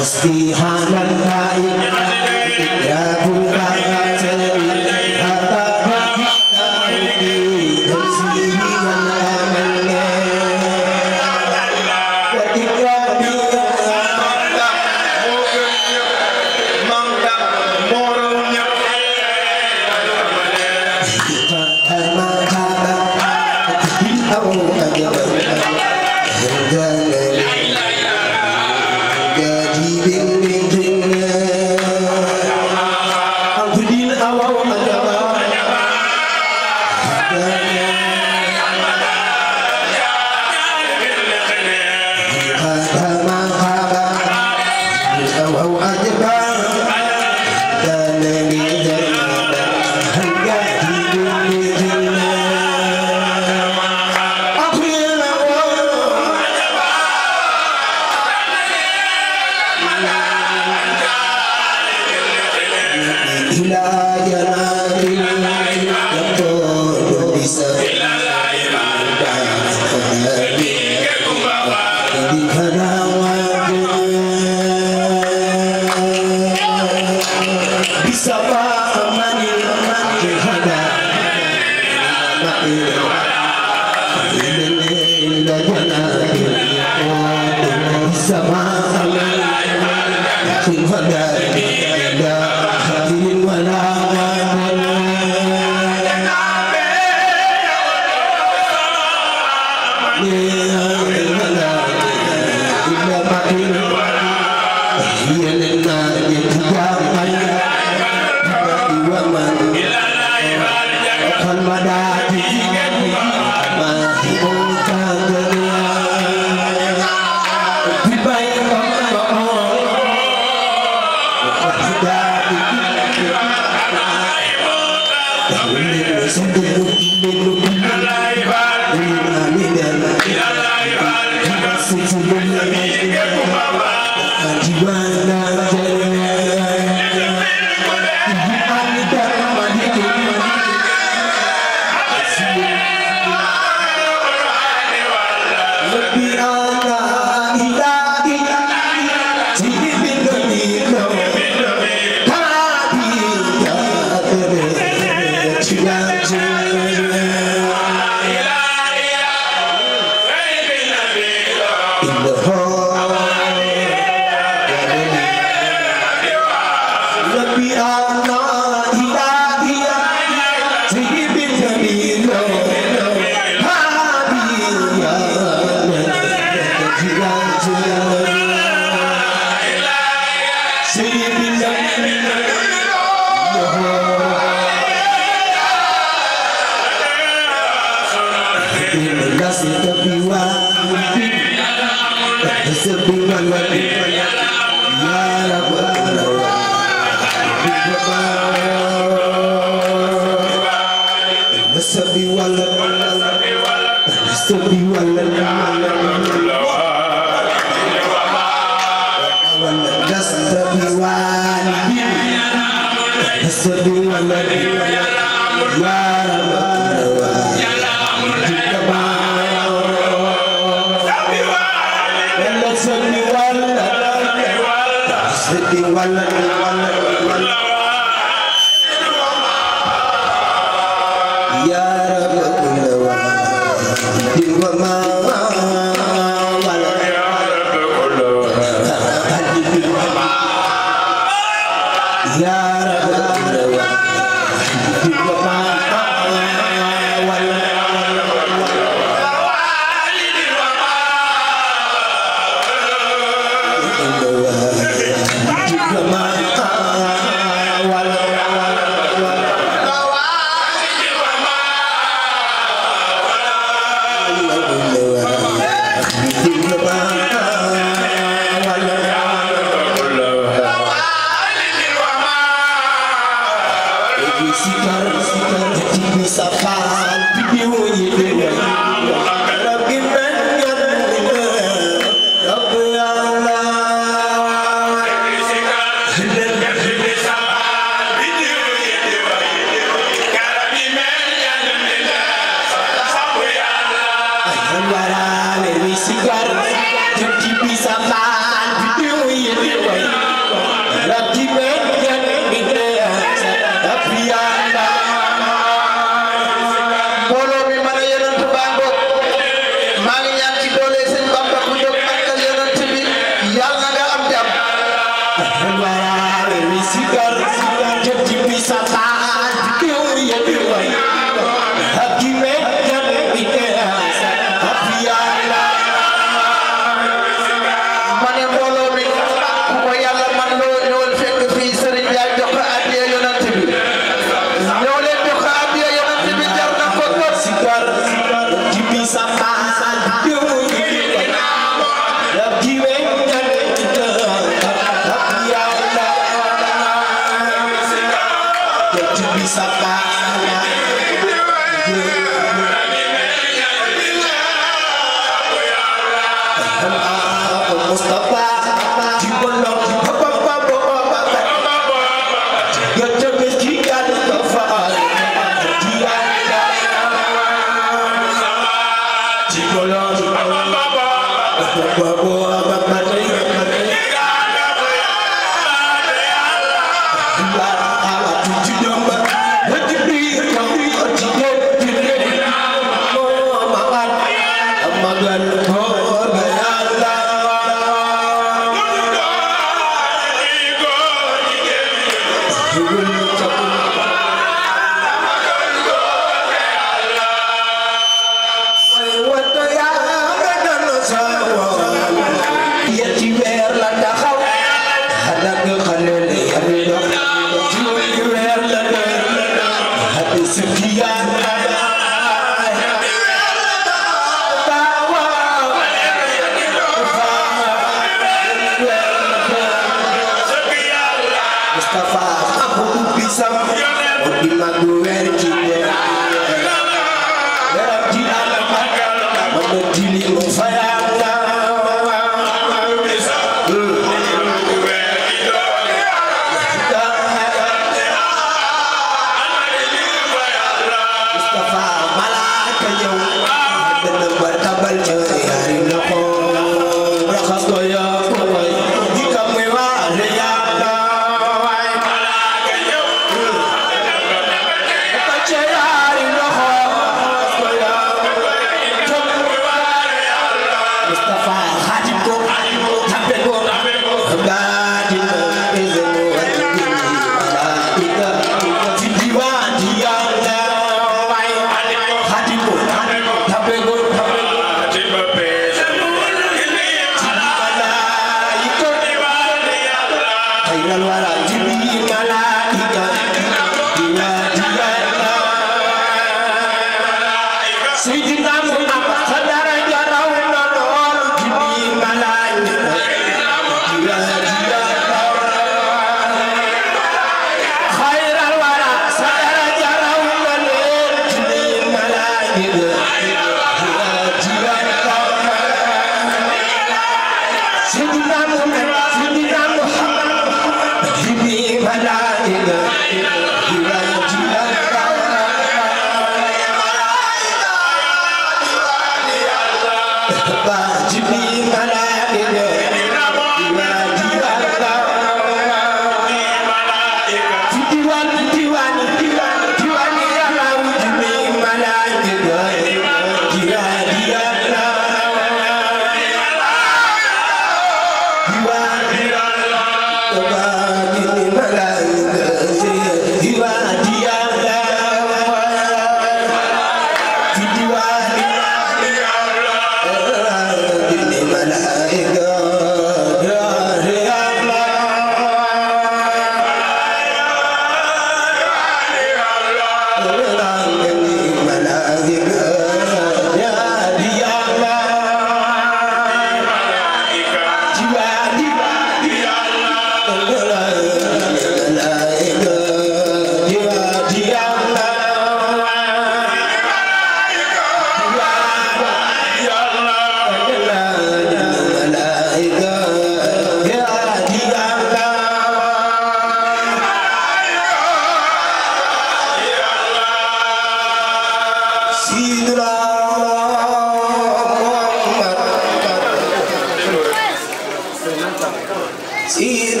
Pasti hanan kain Ya kuih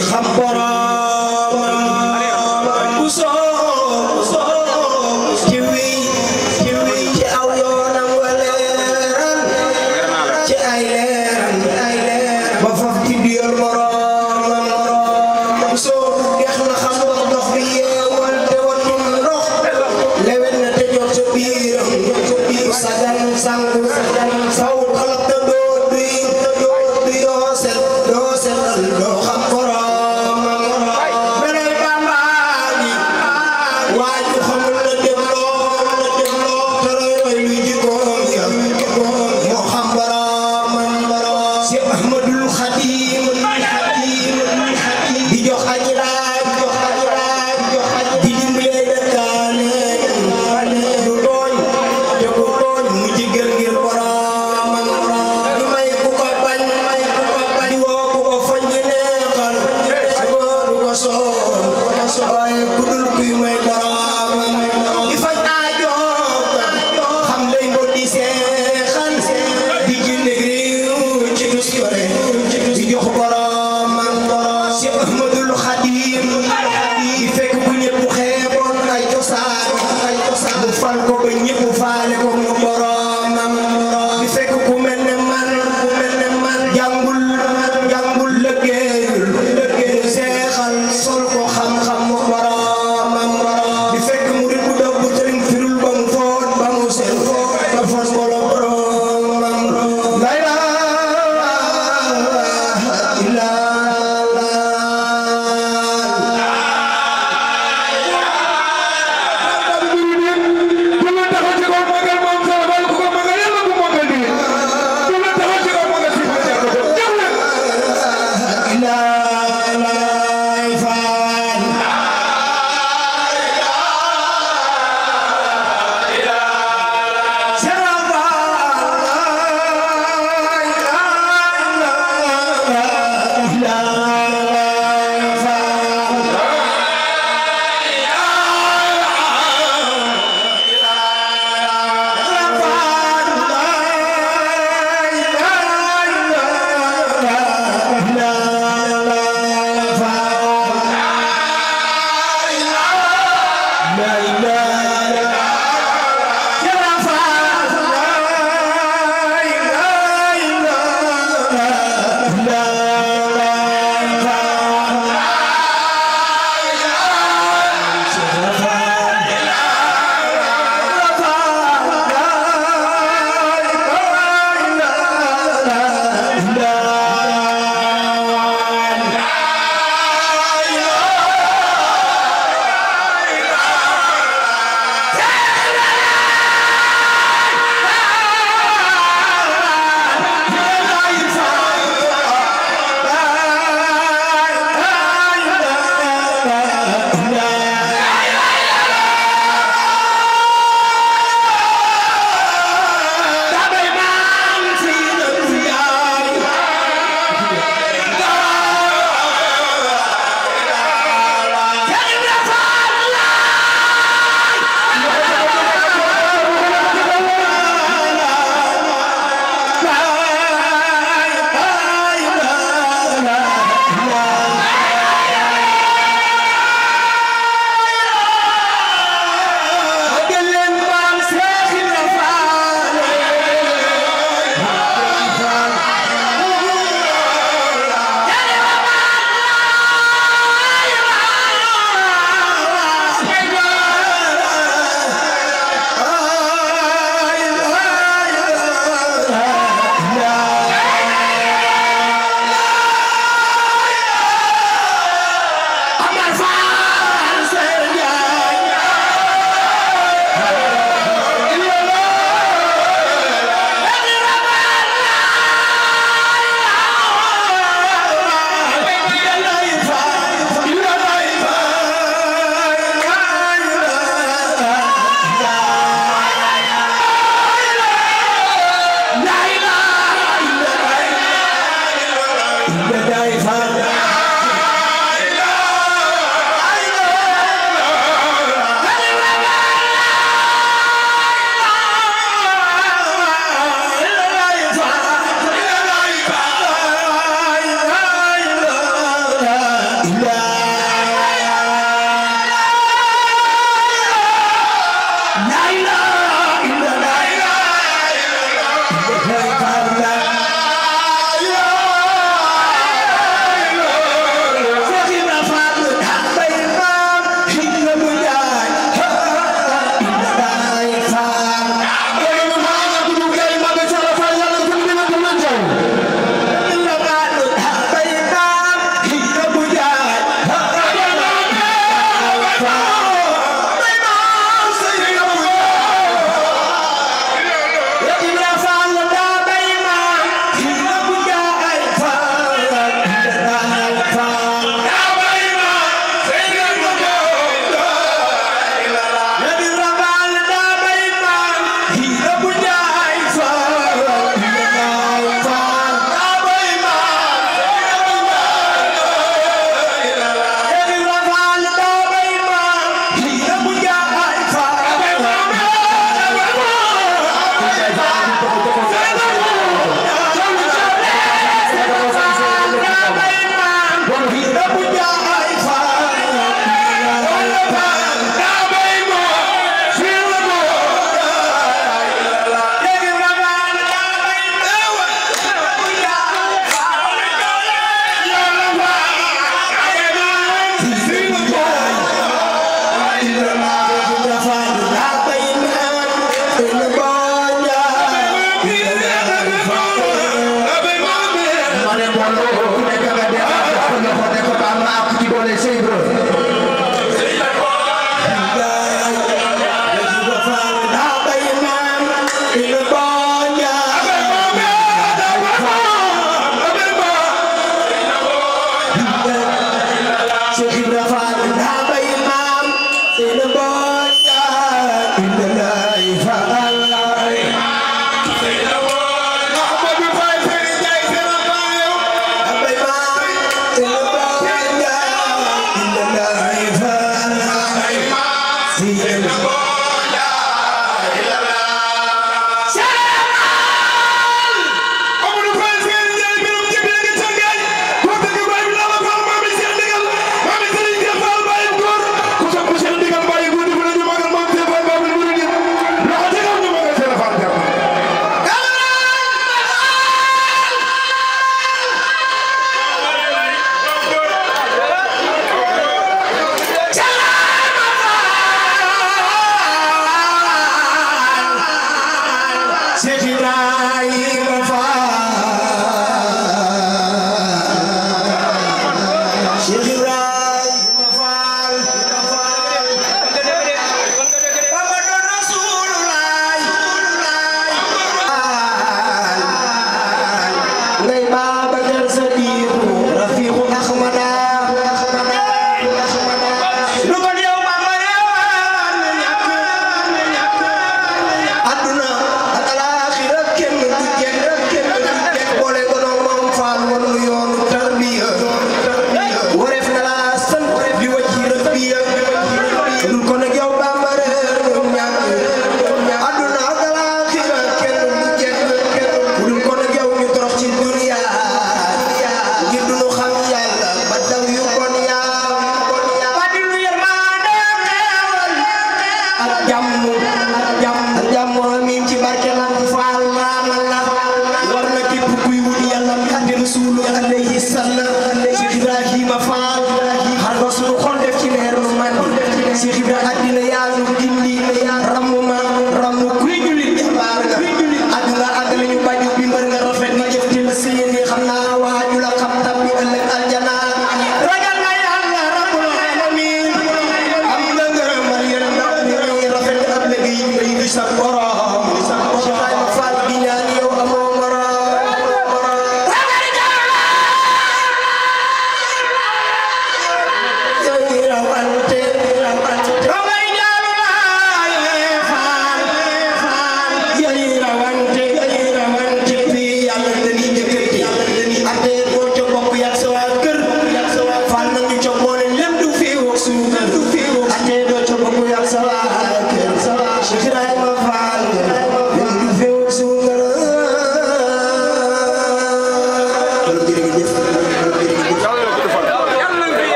Japón